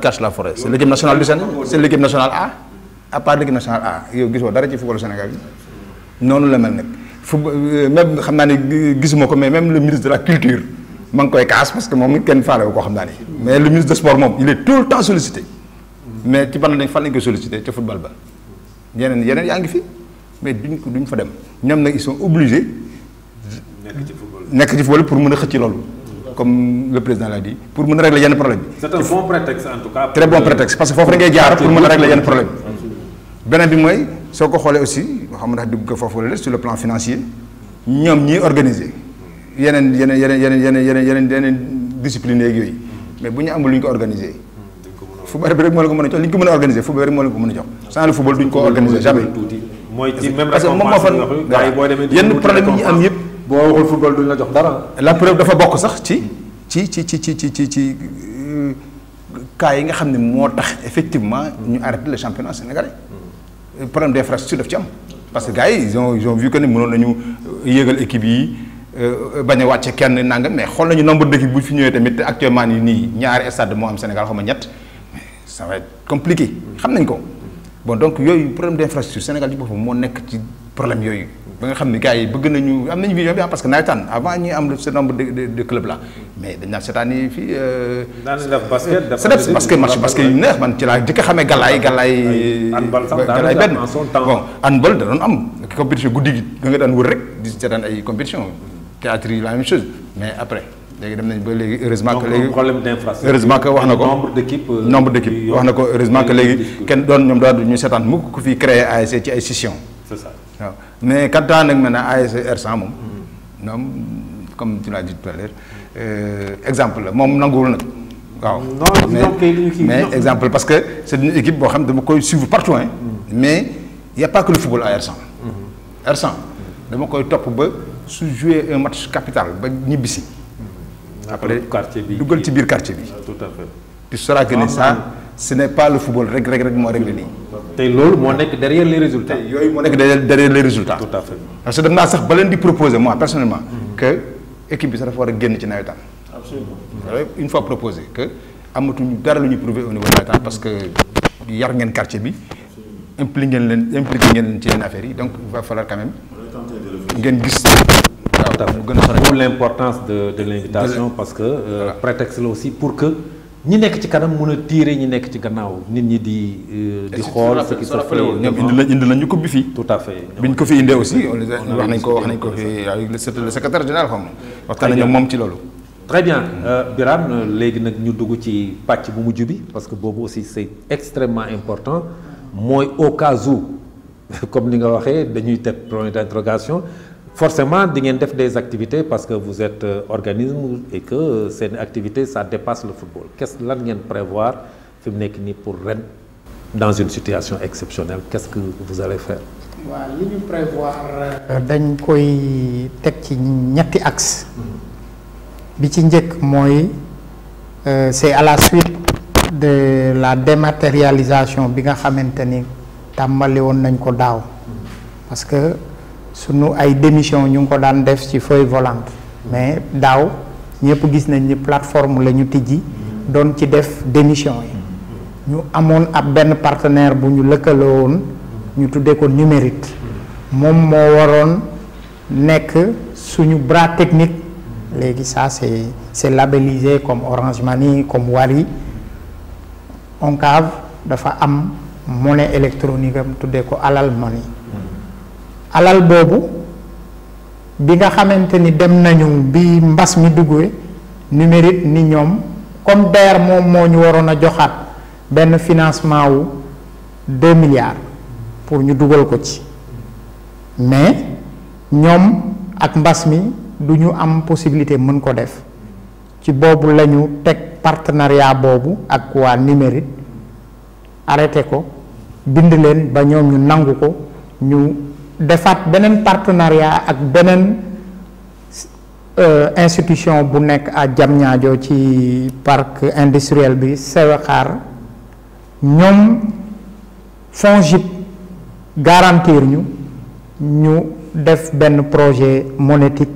cache la forêt c'est l'équipe nationale du Sénégal c'est l'équipe nationale A à part l'équipe nationale A yow gisoo dara ci football Sénégal bi noonu le football au Sénégal même xam naa ne gisuma ko mais même le ministre de la culture manque le koy parce que moom kenn ne wu ko xam mais le ministre de sport il est tout le temps sollicité mais il ban lañ fan lañ koy sollicité le football ba en a qui sont fi mais duñ ko duñ fa dem ils sont obligés faire le football pour mën faire xëcc loolu comme le président l'a dit pour régler les problème c'est un bon prétexte en tout cas. très bon prétexte parce qu'il faut pour régler problème aussi sur le plan financier nous sommes organiser discipline mais football jamais. parce boo waxul football duñ la jox dara. la preuve dafa bokk sax ci ci ci ci ci ci ci cas yi nga xam ne moo tax effectivement ñu arrêté le championnat sénégalais. Hmm. problème d'infrastructure daf ci am. parce que gars yi ils ont ils ont vu que ni mënoon nañu yéegal équipe yi euh, bañ a wàcce kenn nangam mais xool nañu nombre d'équipe bu fi ñëwee tamit actuellement nii ñaari stade moo am Sénégal xam nga ñett ça va être compliqué. xam nañ ko bon donc yooyu problème d'infrastructure Sénégal ci boppam moo nekk ci problème yooyu. ba nga xam ne gars yi bëgg nañu am nañu vision bi ah parce que nawetaan avant ñuy am ce nombre de de club là mais dañ naan cette année fii. Euh, daan nañ def match basket yu neex man ci laa jëkk a xamee galaay benn bon handball da doon am compétition guddi gi da nga daan wër rek di seetaan ay compétition théâtre yi la même chose mais après. léegi dem nañ ba léegi heureusement que léegi problème d'infrastructure wax na ko nombre d'équipe euh, nombre d'équipe wax na ko heureusement léegi kenn doon ñoom daal ñu seetaan mukk mais quand on nag maintenant ASC R100 moom. comme tu l'as dit tout à l'heure euh, exemple la moom nanguwul waaw mais mais exemple parce que c'est une équipe boo xam ne dama koy suivre partout hein. Mm. mais y a pas que le football à R100. Mm-hmm. R100 dama koy top ba jouer un match capital ba ñibbisi. Mm. après quartier bi dugal ci quartier bi. Ah, tout à fait. tu sauras que ça ce n'est pas le football règle règle règle moo réglé derrière les résultats. derrière les résultats. tout à fait parce que la proposer moi personnellement. que équipe absolument euh, une fois proposé que nous dara prouver au niveau l'état parce que il ngeen quartier bi. quartier. donc il va falloir quand même. l'importance de de l'invitation parce que euh, prétexte aussi pour que ñi nek ci kanam mën a tiire ñi nek ci gannaaw nit ñi di. Euh, di xol ce qui se fait ñoom indi lañ indi lañ ñu ko bi tout à fait biñ ko fi indé aussi. wax nañ ko wax nañ ko fi avec le secrétaire général xam wax waxtaan nañu moom ci lolu très bien euh, biram légui nak ñu dugg ci patch bu mujju bi parce que bobu aussi c'est extrêmement important moy au cas où comme ni nga waxé dañuy teg point d'interrogation forcément vous avez des activités parce que vous êtes euh, organisme et que ces activités, ça dépasse le football qu'est-ce que vous prévoir pour Rennes dans une situation exceptionnelle qu'est-ce que vous allez faire. prévoir. c'est à la suite de la dématérialisation bi nga mm-hmm. parce que nous ay démission ñu ngi ko daan def ci feuille volante mais daw ñepp gis nañ ni plateforme la ñu tijji doon ci def démission yi ñu ab ben partenaire bu ñu lëkkaloo woon ñu tuddee ko numérique mom moo waroon nekk suñu bras technique légui ça c'est c'est labellisé comme Orange Money comme Wari cave dafa am monnaie électronique am tuddee ko Alal Money alal boobu bi nga xamante ni dem nañu bi mbas mi duggee numérite ni ñoom comme DER moom moo ñu waroon a joxaat benn financement wu deux milliards pour ñu dugal ko ci mais ñoom ak mbas mi du ñu am possibilité mën ko def ci boobu lañu teg partenariat boobu ak waa numérite arrêté ko bind leen ba ñoom ñu nangu ko ñu defaat un partenariat ak beneen euh, institution bu nekk à Diamniadio ci parc industriel bi Sewekhaar ñoom FONGIP garantir ñu ñu def benn projet monétique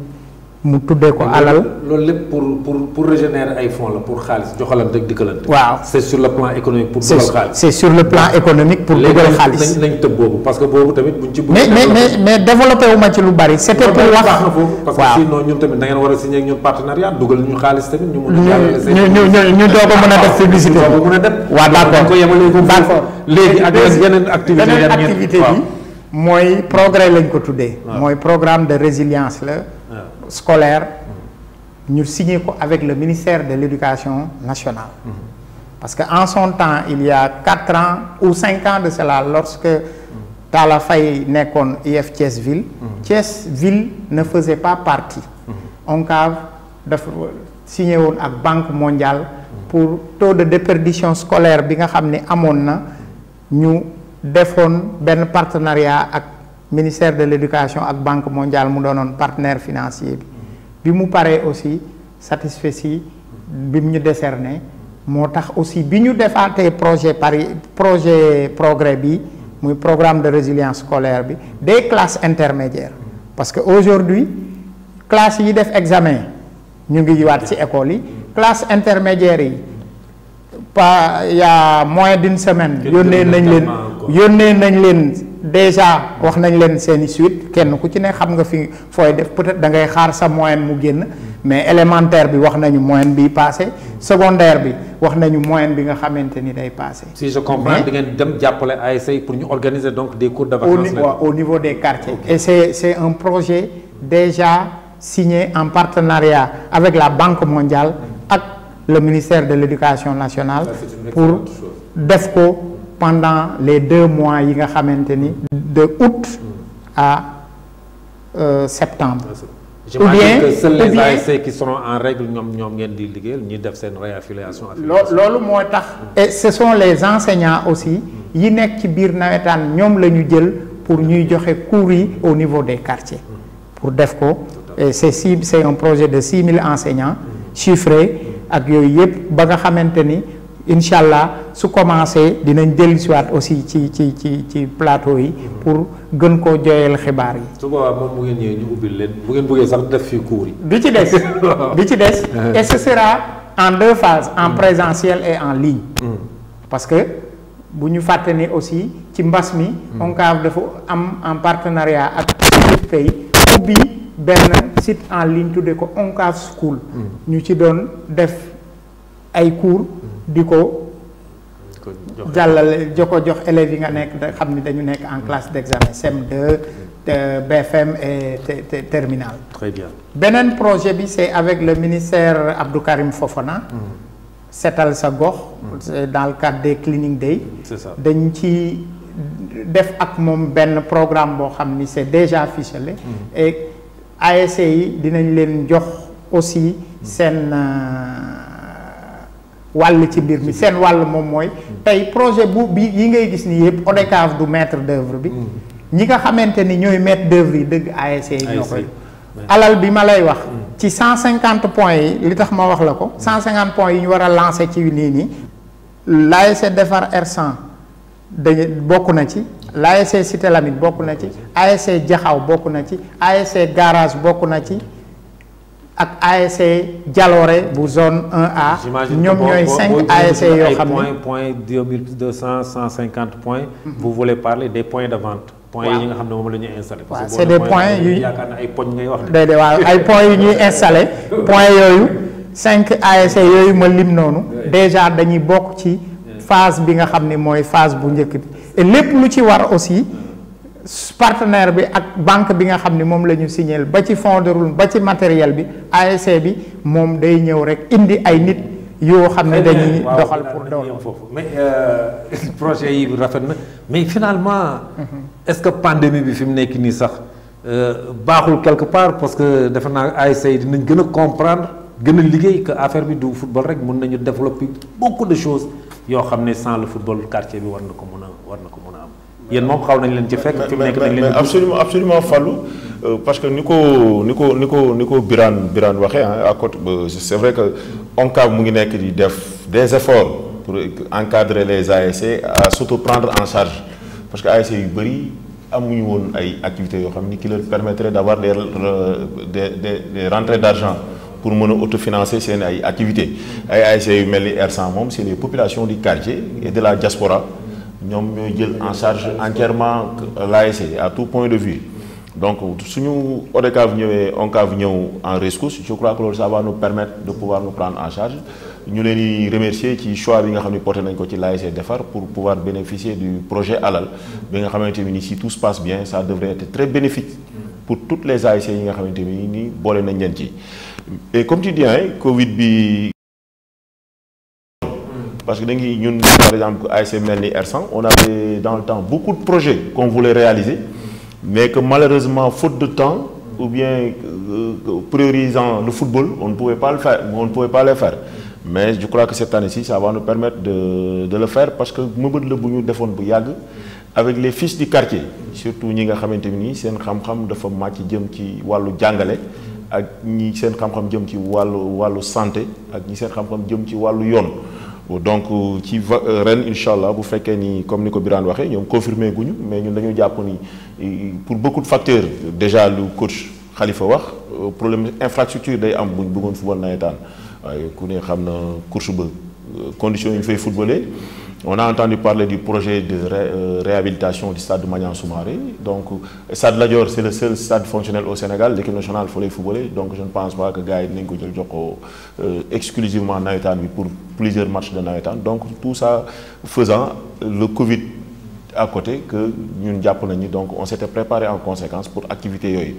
mu tuddee ko alal loolu lépp pour pour pour régénérer ay fonds la pour xaalis joxalante ak dikkalante. waaw c'est sur le plan économique pour. dugal xaalis c'est sur le plan économique pour. dugal xaalis nañ nañ tëb boobu parce que boobu tamit buñ ci. mais mais mais mais développé wu ma ci lu bari. c'était pour wax parce que sinon ñun tamit da ngeen wara signé ak ñun partenariat dougal ñu xaalis tamit. ñu mun a ñu ñu ñu doog a mën def publicité bi. doog a mën a def. waaw d'accord ko yemale ko d'accord léegi ak yeneen activité yeneen activité bi mooy progrès lañ ko tuddee. moy programme de résilience la scolaire nous signé avec le ministère de l'éducation nationale mhm. parce qu'en son temps il y a quatre ans ou cinq ans de cela lorsque dans n'est nekkoon IEF Thiès ville mhm. ne faisait pas partie mhm. on a signé avec Banque mondiale pour taux de déperdition scolaire bi nga fait un partenariat avec ministère de l'éducation ak banque mondiale mu doonoon partenaire financier bi bi mu paree aussi satisfecit bi mu ñu décerné moo tax aussi bi ñu defaatee projet Paris projet progrès bi muy programme de résilience scolaire bi des classes intermédiaires parce que aujourd'hui classe yi def examen ñu ngi waat ci école yi classe intermédiaire yi pas y a moins d'une semaine yónnee nañ leen yónnee nañ leen déjà wax nañ leen seeni suite kenn ku ci ne xam nga fi fooy def peut-être da ngay xaar sa moyenne mu génn mais élémentaire bi wax nañu moyenne bi passé secondaire bi wax nañu moyenne bi nga xamante ni day passé. si je comprends di ngeen dem jàppale ASC pour ñu organiser donc des cours de vacances au, au niveau des quartiers. et c'est un projet déjà signé en partenariat avec la Banque mondiale ak le ministère de l'éducation nationale. pour def pendant les deux mois yi nga xamanteni de août à euh, septembre. ou bien que seuls les ASC qui seront en règle ñom ñom ngeen di liguel ñi def sen réaffiliation. lolu moo tax. et ce sont les enseignants aussi. yi nekk ci bir nawetaan ñom lañu jël pour ñuy joxe cours yi au niveau des quartiers. pour def ko c'est c'est un projet de 6000 enseignants. chiffré ak yoy yëpp ba nga xamanteni incha su commencer dinañ dellusiwaat aussi ci ci ci ci plateau yi. pour gën ko jooyal xibar yi. su boobaa moom bu ngeen ñëwee ñu ubbil leen bu ngeen bëggee sax def fi cours yi. bi ci des bi ci des. et ce sera en deux phases en mm. présentiel et en ligne. Mm. parce que bu ñu aussi ci mbass mi. Mm. ONCAV dafa am en partenariat ak pays ubbi ben site en ligne tudé ko ONCAV School. ñu ci doon def ay cours diko jallale joko y a jox élèves yi nga nek da dañu nek en mm. classe d'examen sem 2 BFM et Terminal. très bien benen projet bi c'est avec le ministère Abdou Karim Fofana. Mm. setal sa gox. Mm. dans le cadre des cleaning day. c'est ça dañ ci def ak mom ben programme bo xamni c'est déjà ficelé. et ASC e yi dinañ len jox aussi euh, Wall ci mbir mi seen wall moom mooy projet bu bi yi ngay gis ni yëpp ODCAV du maître d'œuvre bi mm. ñi nga xamanteni ni maître d'œuvre yi dëgg ASC yi alal bi ma lay wax mm. ci 150 points yi li tax ma wax la ko mm. points yi ñu wara lancer lancé ci ni nii l'ASC défar R100 de bokku na ci l'ASC Cité Lamine bokku na ci ASC Jaxaw bokku na ci ASC Garage bokku na ci ak ASC Dialoré bu zone 1A. ñom ñoy 5 ASC yo xamné point point 2200 150 points. vous voulez parler des points de vente. points yi nga xamné mom lañu installer parce que c'est des points yu ay poñ ngay wax. ay points yu ñuy installer points yoyu 5 ASC yoyu ma lim noonu. déjà dañuy bok ci phase bi nga xamné moy phase bu njëkk et lepp lu ci war aussi partenaire bi ak banque bi nga xamni mom lañu la ba ci fond de roulement ba ci matériel bi ASC bi mom day ñew rek indi ay nit yo xam ne dañuy doxal pour doon mais euh projet yi rafet na mais finalement mhm. est-ce que pandémie bi fi mu nekk nii sax euh, baaxul quelque part parce que defe na ASC dinañ gëna comprendre gëna a liggéey que affaire bi du football rek mën nañu développer beaucoup de choses yo xam sans le football quartier bi war na ko mun a war na ko mun yéen moom xaw nañ leen ci fekk. fi mu nekk dañ leen absolument absolument Fallou euh, parce que ni ko ni ko ni ko ni ko Birane Birane waxee hein, à côté bah, c' vrai que ONCAV mu ngi di def des efforts pour encadrer les ASC à surtout prendre en charge parce que ASC yu bëri amuñu woon ay activités yoo xam ni qui leur permettrait d'avoir euh, des des des rentrées d'argent pour mën a autofinancer seen ay activités ay ASC yu mel ni R100 moom les populations du quartier et de la diaspora nous sommes jël en charge entièrement l'ASC à tout point de vue donc si nous ñëwee en rescousse je crois que le ça va nous permettre de pouvoir nous prendre en charge Nous les remercier qui choix bi nous porter ne porté l'ASC pour pouvoir bénéficier du projet ALAL bi nga si tout se passe bien ça devrait être très bénéfique pour toutes les ASC qui nga xamante ni et comme tu dis hein Covid 19 parce que nous, par exemple, ASML et R100, on avait dans le temps beaucoup de projets qu'on voulait réaliser, mais que malheureusement, faute de temps, ou bien euh, euh, priorisant le football, on ne pouvait pas le faire, on ne pouvait pas le faire. Mais je crois que cette année-ci, ça va nous permettre de, de le faire parce que Moubou le Bougnou de avec les fils du quartier, surtout nous savons que c'est un xam-xam de match qui walu jangale ak ñi seen xam-xam jëm ci wàllu wàllu santé ak ñi seen xam-xam jëm ci wàllu yoon donc ci va euh, ren incha bu fekké ni comme niko ko Birane waxee ñoom confirmé guñu mais ñun dañu japp ni pour beaucoup de facteurs déjà le coach Khalifa wax euh, problème infrastructure day am buñ bëggoon football naytan waaye ku ne xamna na course ba euh, conditions yi ñu fay footballé. On a entendu parler du projet de euh, réhabilitation du stade de Magnan Soumaré. Donc, le euh, stade Ladior, c'est le seul stade fonctionnel au Sénégal. L'équipe nationale, faut les footballer. Donc, je ne pense pas que Gaïd Ningo euh, exclusivement Naïtan pour plusieurs matchs de Naïtan. Donc, tout ça faisant, le Covid à côté, que nous donc on s'était préparé en conséquence pour activité.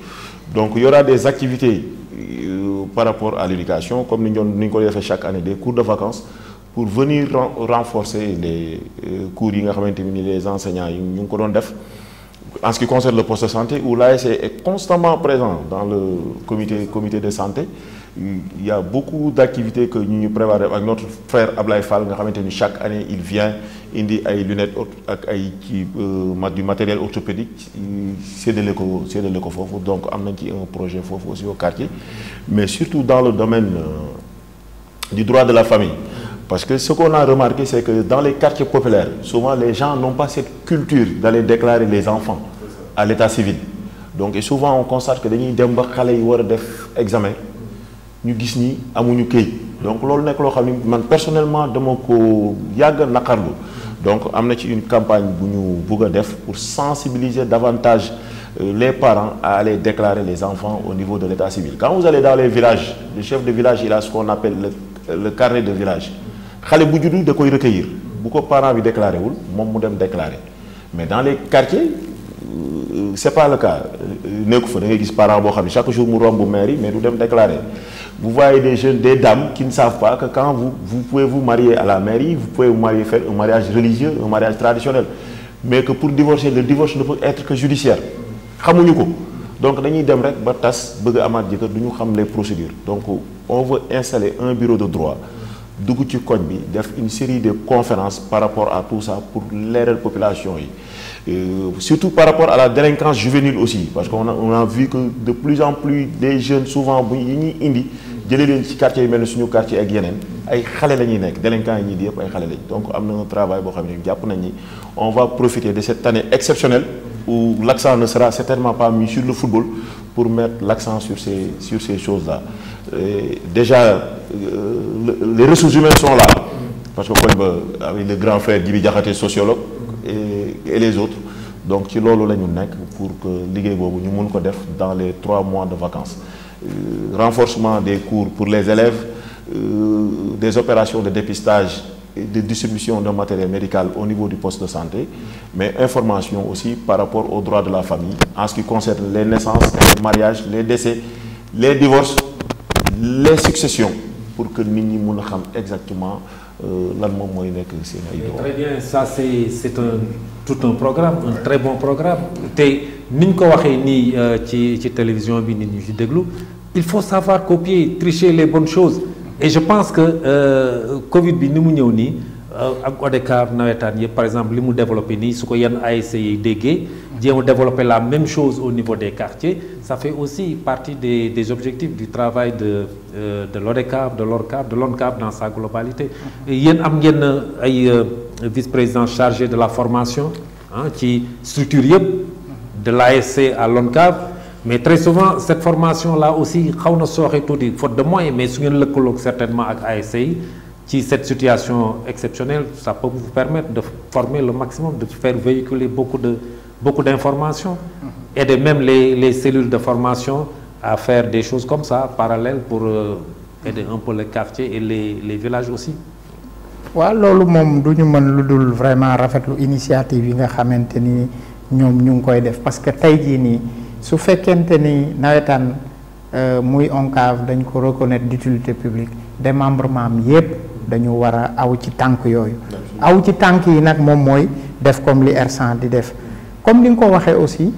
Donc, il y aura des activités euh, par rapport à l'éducation, comme nous avons fait chaque année, des cours de vacances pour venir renforcer les euh, cours les enseignants ñu en ce qui concerne le poste de santé où l'ASC est constamment présent dans le comité comité de santé il y a beaucoup d'activités que nous prévoyons notre frère Ablaï Fall chaque année il vient indi des lunettes euh, du matériel orthopédique c'est de c'est donc on un projet aussi au quartier mais surtout dans le domaine euh, du droit de la famille parce que ce qu'on a remarqué, c'est que dans les quartiers populaires, souvent les gens n'ont pas cette culture d'aller déclarer les enfants à l'état civil. Donc souvent on constate que les gens qui ont yi l'examen. def examen ñu ni donc ce que personnellement donc on a une campagne pour sensibiliser davantage euh, les parents à aller déclarer les enfants au niveau de l'état civil quand vous allez dans les villages le chef de village il a ce qu'on appelle le carnet de village xalé bu juddu da koy recueillir bu ko parents mais dans les quartiers euh, ce n'est pas le cas Les euh, fa da ngay gis parent chaque jour mu mairie, mais du dem déclaré vous voyez des jeunes des dames qui ne savent pas que quand vous vous pouvez vous marier à la mairie vous pouvez vous marier faire un mariage religieux un mariage traditionnel mais que pour divorcer le divorce ne peut être que judiciaire donc dañuy dem rek ba les procédures donc on veut installer un bureau de droit dugg ci koñ bi une série de conférences par rapport à tout ça pour la population yi euh, surtout par rapport à la délinquance juvénile aussi parce qu'on a vu que de plus en plus des jeunes souvent ils yi indi jëlee leen ci quartier quartiers mel quartier ak ay délinquants yi donc am un travail pour on va profiter de cette année exceptionnelle où l'accent ne sera certainement pas mis sur le football pour mettre l'accent sur ces sur ces choses là déjà, euh, les ressources humaines sont là. Parce que avec ah le grand frère Gibi sociologue, et, les autres. Donc, c'est ce que pour que l'IGE nous dans les trois mois de vacances. Euh, renforcement des cours pour les élèves, euh, des opérations de dépistage et de distribution de matériel médical au niveau du poste de santé, mais information aussi par rapport aux droits de la famille en ce qui concerne les naissances, les mariages, les décès, les divorces les successions pour que nous puissions savoir exactement euh, lan moom mooy nekk seen très bien ça c'est c'est un tout un programme un très bon programme et ni ñu ko qui euh, télévision bi il faut savoir copier tricher les bonnes choses et je pense que euh, Covid bi ni mu ñëw nii ak par exemple nous développer développé ce su ko yenn de yi ont développé la même chose au niveau des quartiers. Ça fait aussi partie des, objectifs du travail de, euh, de l'ORECAP, de l'ORCAP, de l'ONCAP dans sa globalité. il y a un vice-président chargé de la formation qui hein, structure de l'ASC à l'ONCAP. Mais très souvent, cette formation-là aussi, on faute de moyens, mais si le colloque certainement avec l'ASCI, cette situation exceptionnelle, ça peut vous permettre de former le maximum, de faire véhiculer beaucoup de, beaucoup d'informations, aider même les, les, cellules de formation à faire des choses comme ça, parallèles, pour euh, aider un peu les quartiers et les, les villages aussi. Oui, c'est ce que nous avons vraiment fait l'initiative yi nga xamante ñom ñoom def parce que tey ni nii su fekkente ni euh muy ONCAV dañ ko reconnaître d'utilité publique démembrement membres yépp dañu wara aw ci tank yooyu aw ci tank yi nak mom moy def comme li r di def comme nous l'avons dit aussi, aussi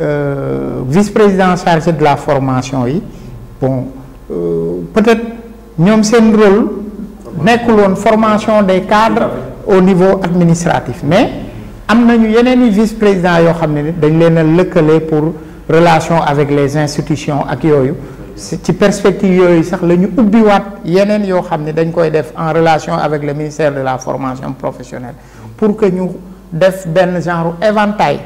euh, vice-président chargé de la formation yi bon euh, peut-être avons un rôle nekkul une formation des cadres au niveau administratif mais il y a un vice-président qui est pour relation avec les institutions ak une ci perspective qui sax la dañ koy en relation avec le ministère de la formation professionnelle pour que nous def ben genre éventail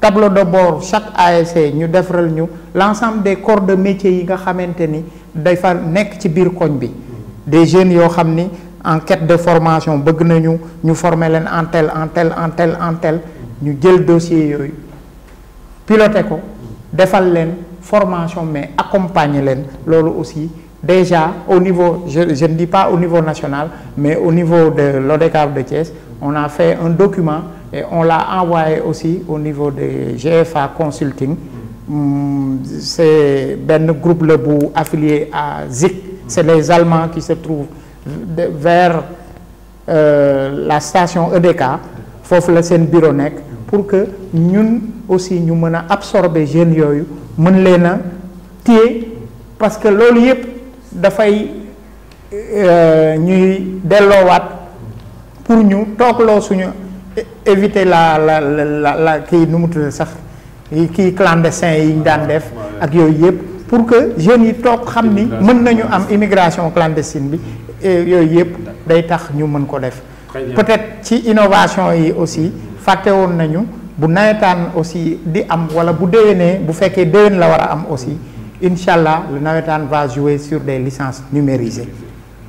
tableau de bord chaque ASC ñu defaral ñu l'ensemble des corps de métier yi nga xamanteni ni dafa ci des jeunes qui xamni en quête de formation bëgg nañu ñu former len en tel en tel en tel en tel ñu jël dossier nous piloter ko defal len formation mais accompagner les lolu aussi déjà au niveau je ne dis pas au niveau national mais au niveau de l'ODCAV de Thiès on a fait un document et on l'a envoyé aussi au niveau de GFA Consulting. Hmm, c'est ben groupe affilié à ZIC. C'est les Allemands qui se trouvent vers euh, la station EDK. Fofle pour que nous aussi nous absorbions absorber jeunes parce que nous devait nous ñuy pour ñu toogloo suñu éviter la la la la kii nu mu tudd sax kii clandestin yi ñu def ak pour que je yi toog xam ni am immigration clandestine bi yooyu yëpp day tax ñu mën ko def peut-être ci innovation yi aussi faté woon nañu bu nawetaan aussi di am wala bu déwénee bu fekkee déwén la war am aussi Inshallah, le nawetaan va jouer sur des licences numérisées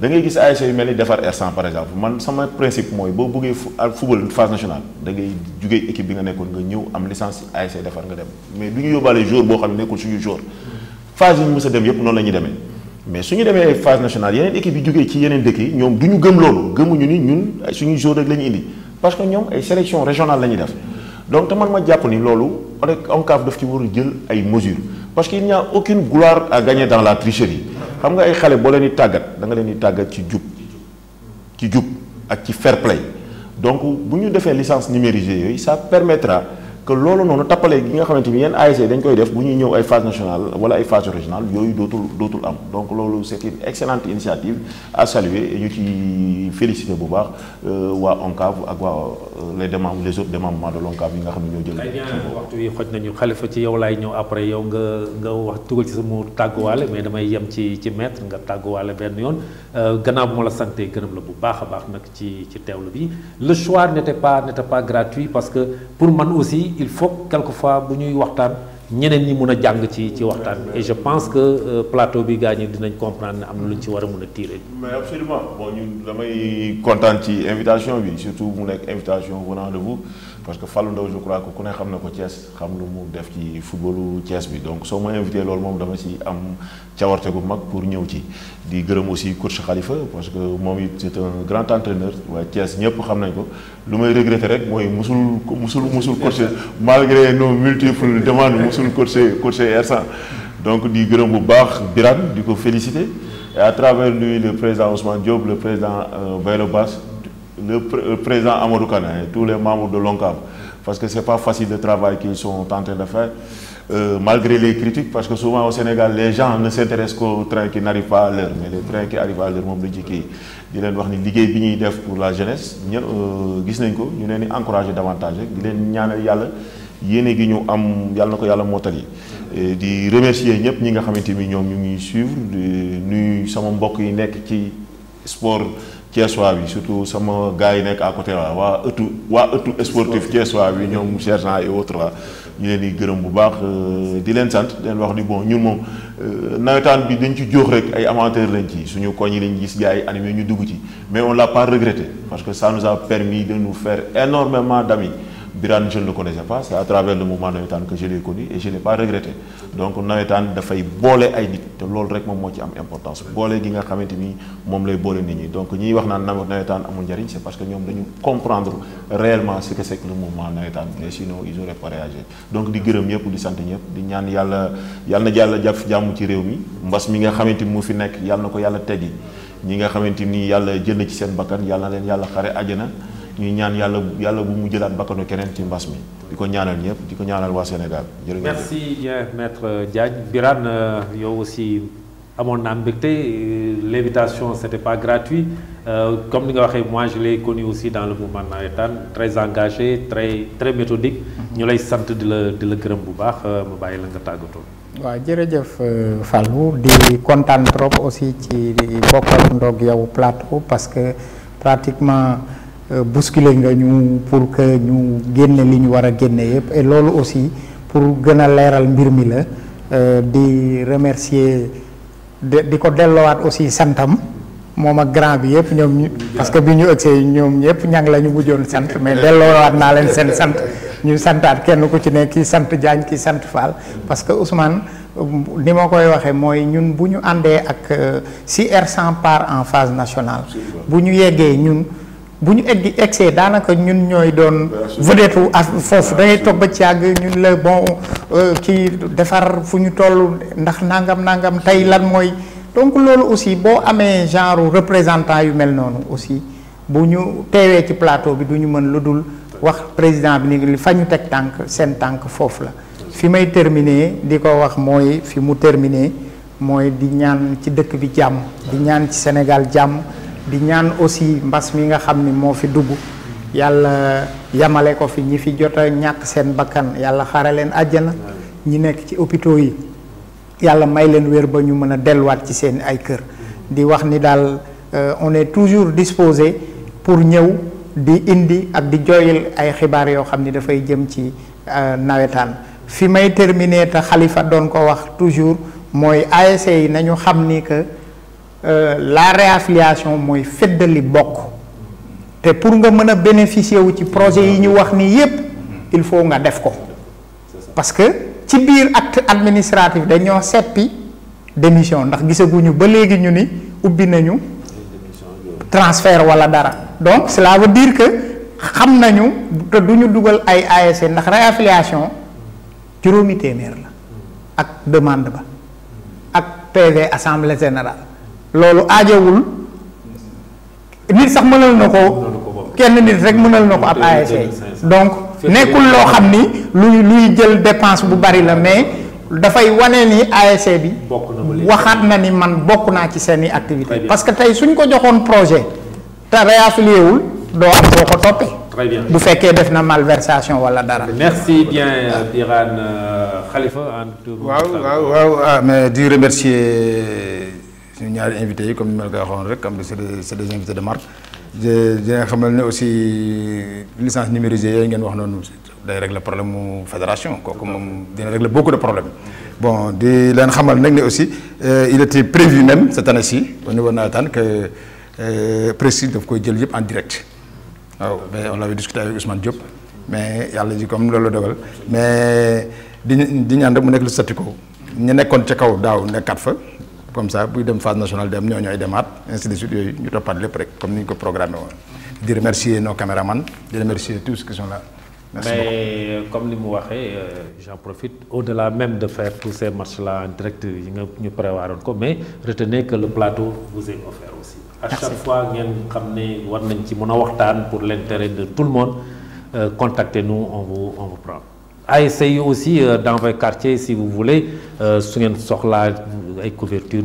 da ngay gis ASC yu mel ni defar r par exemple man sama principe mooy boo au football phase nationale da ngay jugee équipe bi nga nekkoon nga ñëw am licence ASC defar nga dem mais du ñu yóbbaale jour boo xam ne nekkul suñu jour phase yi ñu mës a dem yëpp noonu la ñuy demee mais suñu demee phase nationale yeneen équipe yi jógee ci yeneen dëkk yi ñoom du gëm loolu gëmuñu ni ñun suñu jour rek la ñu indi parce que ñoom ay sélection régionale la ñuy def donc te man ma jàpp ni loolu ONCAV daf ci war a jël ay mesures parce qu'il n'y a aucune gloire à gagner dans la tricherie xam nga ay xale boo leen di tàggat da nga leen di tàggat ci jub ci jub ak ci fair play donc bu ñu defee licence numérisée yooyu ça permettra que loolu noonu tappalee gi nga xamante ni yenn ASC dañ koy def bu ñuy ñëw ay phase nationale wala ay phase régionale yooyu dootul dootul am donc loolu c'est une excellente initiative à saluer et ñu ci féliciter bu baax euh, waa ONCAV ak waa euh, les démembre les autres membres de l'ONCAV yi nga xam ne ñoo jël. waxtu yi xoj nañu xalifa ci yow laay ñëw après yow nga nga wax tugal ci mu tàgguwaale mais damay yem ci ci maître nga tàgguwaale benn yoon euh, gannaaw bu ma la sante gërëm la bu baax a baax nag ci ci teewlu bi le choix n'était pas n'était pas gratuit parce que pour man aussi il faut quelquefois bu ñuy waxtaan ñeneen ñi mun a jàng ci ci waxtaan et je pense que euh, plateau bi gars ñi dinañ comprendre am na lu ci war a a tirer. mais absolument bon ñun damay content ci invitation bi surtout mu nekk invitation venant de vous parce que Fallou Ndaw je crois que ku ne xam na ko Thiès xam lu mu def ci footballu Thiès bi donc soo ma invité loolu moom dama si am cawarte gu mag pour ñëw ci di gërëm aussi coach Khalifa parce que moom it c'est un grand entraîneur waaye Thiès ñëpp xam nañ ko lu may regretter rek mooy musul musul musul coach malgré nos multiples demandes musul coach coach Ersan donc di gërëm bu baax Birane di ko féliciter et à travers lui le président Ousmane Diop le président euh, Baylo Bass le, président Amadou et tous les membres de l'ONCAP, parce que ce n'est pas facile le travail qu'ils sont en train de faire, euh, malgré les critiques, parce que souvent au Sénégal, les gens ne s'intéressent qu'aux trains qui n'arrivent pas à l'heure, mais les trains qui arrivent à l'heure, moom la qu'ils di leen wax ni liggéey bi pour la jeunesse ils euh, gis nañ ko encourager davantage ils di qu'ils ñaanal yàlla yéene gi ñu am ont na ko yàlla mottali di remercier ñëpp ñi nga xamante ni ñoom ñu ngi suivre nous sama beaucoup yi qui ci sport surtout sama gars qui à côté sportif sergent et autres ñu leen di gërëm bu baax euh, di leen sante di leen wax ni bon ñun euh, bi dañ ci jox rek ay amateurs lañ ci suñu koñ gis animé ñu dugg ci mais on l'a pas regretté parce que ça nous a permis de nous faire énormément d'amis Birane je ne connaissais pas c'est à travers le mouvement nawetaan que je l'ai connu et je l'ai pas regretté donc nawetaan dafay boole ay nit te loolu rek moom moo ci am importance bolé gi nga xamante ni moom lay bolé nit ñi donc ñiy wax na nawetaan amul njariñ c'est parce que ñoom dañu comprendre réellement ce que c'est que le mouvement nawetaan mais sinon ils auraient pas réagi donc di gërëm ñëpp di sant ñëpp di ñaan yàlla yàlla na yàlla jàpp jàmm ci réew mi mbas mi nga xamante ni mu fi nekk yàlla na ko yàlla teggi ñi nga xamante ni yàlla jël ci seen bakkan yàlla na leen yàlla xare àjjana ñuy ñaan yàlla yàlla bu mu jëlaat bakkanu keneen ci mbas mi di ko ñaanal ñëpp di ko ñaanal waa Sénégal jërë merci bien maître Diagne Birane euh, yow aussi amoon naa mbégte euh, l'invitation c'était pas gratuit euh, comme ni nga waxee moi je l'ai connu aussi dans le mouvement Nawetan très engagé très très méthodique mhm. ñu lay sant di la di la gërëm bu baax ma bàyyi la nga tàggatoo waaw jërëjëf Fallou di kontaan trop aussi ci bokk ak ndog yow plateau parce que pratiquement Euh, bousculer nga ñu pour que ñu génne li ñu war a génne yëpp et loolu aussi pour gën a leeral mbir mi la euh, di remercier di ko delloowaat aussi santam moom ak grand bi yëpp ñoom ñu parce que bi ñu ëgsee ñoom ñëpp ñang lañu ñu mujjoon sant mais delloowaat naa leen seen sant ñu santaat kenn ku ci ne kii sant Diagne ki sant Fall parce que Ousmane euh, ni ma koy waxee mooy ñun bu ñu àndee ak si R100 part en phase nationale bu ñu yeggee ñun bu ñu egg excès daanaka ñun ñooy doon vedette ak foofu ah, dangay toog ba ci àgg ñun la bon ci euh, defar fu ñu toll ndax nangam nangam tey lan mooy donc loolu aussi boo amee genre représentant yu mel noonu aussi bu ñu teewee ci plateau bi du ñu mën lu dul wax président bi ni fa ñu teg tànk seen tànk foofu la fi may terminer di ko wax mooy fi mu terminer mooy di ñaan ci dëkk bi jàmm di ñaan ci Sénégal jàmm di ñaan aussi mbas mi nga xam ni moo fi dugg yàlla yamale ko fi ñi fi jot a ñàkk seen bakkan yàlla xare leen àjjana ñi nekk ci hôpitaux yi yàlla may leen wér ba ñu mën a delluwaat ci seen ay kër di wax ni daal euh, on est toujours disposé pour ñëw di indi ak di joyl ay xibaar yoo xam ni dafay jëm ci euh, nawetaan fi may terminer te xalifa doon ko wax toujours mooy ASC e yi nañu xam ni que Euh, la réaffiliation mooy feddali bokk te pour nga mën a bénéficier wu ci projet yi ñu wax nii yépp il faut nga def ko parce que ci biir acte administratif dañoo seppi démission ndax gisaguñu ba léegi ñu ni ubbi nañu transfert walla dara donc la veut dire que xam nañu te du ñu dugal ay ASC ndax réaffiliation juróomi téeméer la ak demande ba ak PV assemblée générale loolu aajowul nit sax mënal nako ko kenn nit rek mënal nako ko ab ASC donc nekkul lo xamni luy luy jël dépense bu bari la mais dafay wane ni ASC bi waxat na ni man bokk naa ci seeni activité parce que tay suñ ko joxone projet ta réaffilié wul do am soo ko toppee bu fekkee def na malversation wala dara. merci bien Birane euh, Khalifa. waaw waaw waaw ah, mais di remercier suñu ñaari invités yi comme ni ma rek comme c'est des c'est des invités de marque di nga xamal ne aussi licence numérisée yooyu ngeen wax noonu day régler problème mu fédération kooku moom dina régler beaucoup de problèmes bon di leen xamal nag ne aussi euh, il était prévu même cette année-ci au niveau nawetaan que euh, précis daf koy jël yëpp en direct waaw mais on avait discuté avec Ousmane Diop mais yàlla ji comme loolu dogal mais di di ñaan rek mu nekk lu statu quo ñu nekkoon ca kaw daaw nekkaat fa comme ça puis dem phase nationale dem ñoo ñooy ainsi de suite nous ñu toppaat lepp comme nous le ko programmé nos caméramans je remercier tous ceux qui sont là. mais euh, comme je euh, j'en profite au-delà même de faire tous ces marches là en direct nous ñu mais retenez que le plateau vous est offert aussi. à chaque fois que vous ne war nañ pour l'intérêt de tout le monde euh, contactez-nous on vous on vous prend à essayer aussi euh, dans vos quartiers, si vous voulez, euh, sur une sorte et couverture,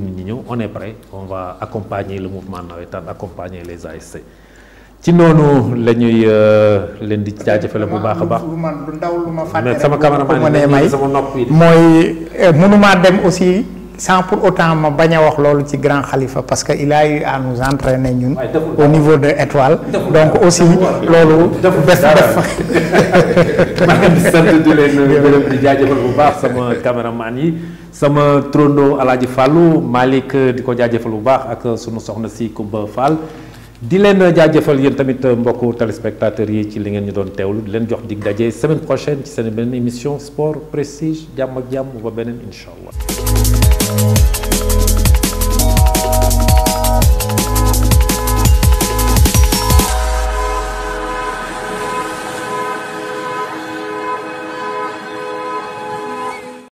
on est prêt, on va accompagner le mouvement Nawetan, accompagner les ASC. E. ci noonu la ñuy euh, leen di jaajëfale bu baax a baax man lu ndaw lu ma je suis euh, aussi sans pour autant ma bañ a wax loolu ci grand xalifa parce que il a eu à nous entraîner ñun niveau de étoile donc aussi loolu def def maa bu baax sama caméraman yi sama trondo alaaji Fallou Malick eh, di ko jaajëfal bu baax ak sunu soxna si Kumba Fall di leen jaajëfal yéen tamit eh, mbokku téléspectateurs yi ci li ngeen ñu doon teewlu di leen jox dig daje semaine prochaine ci seen beneen émission sport prestige jàmm ak jàmm ba beneen incha Música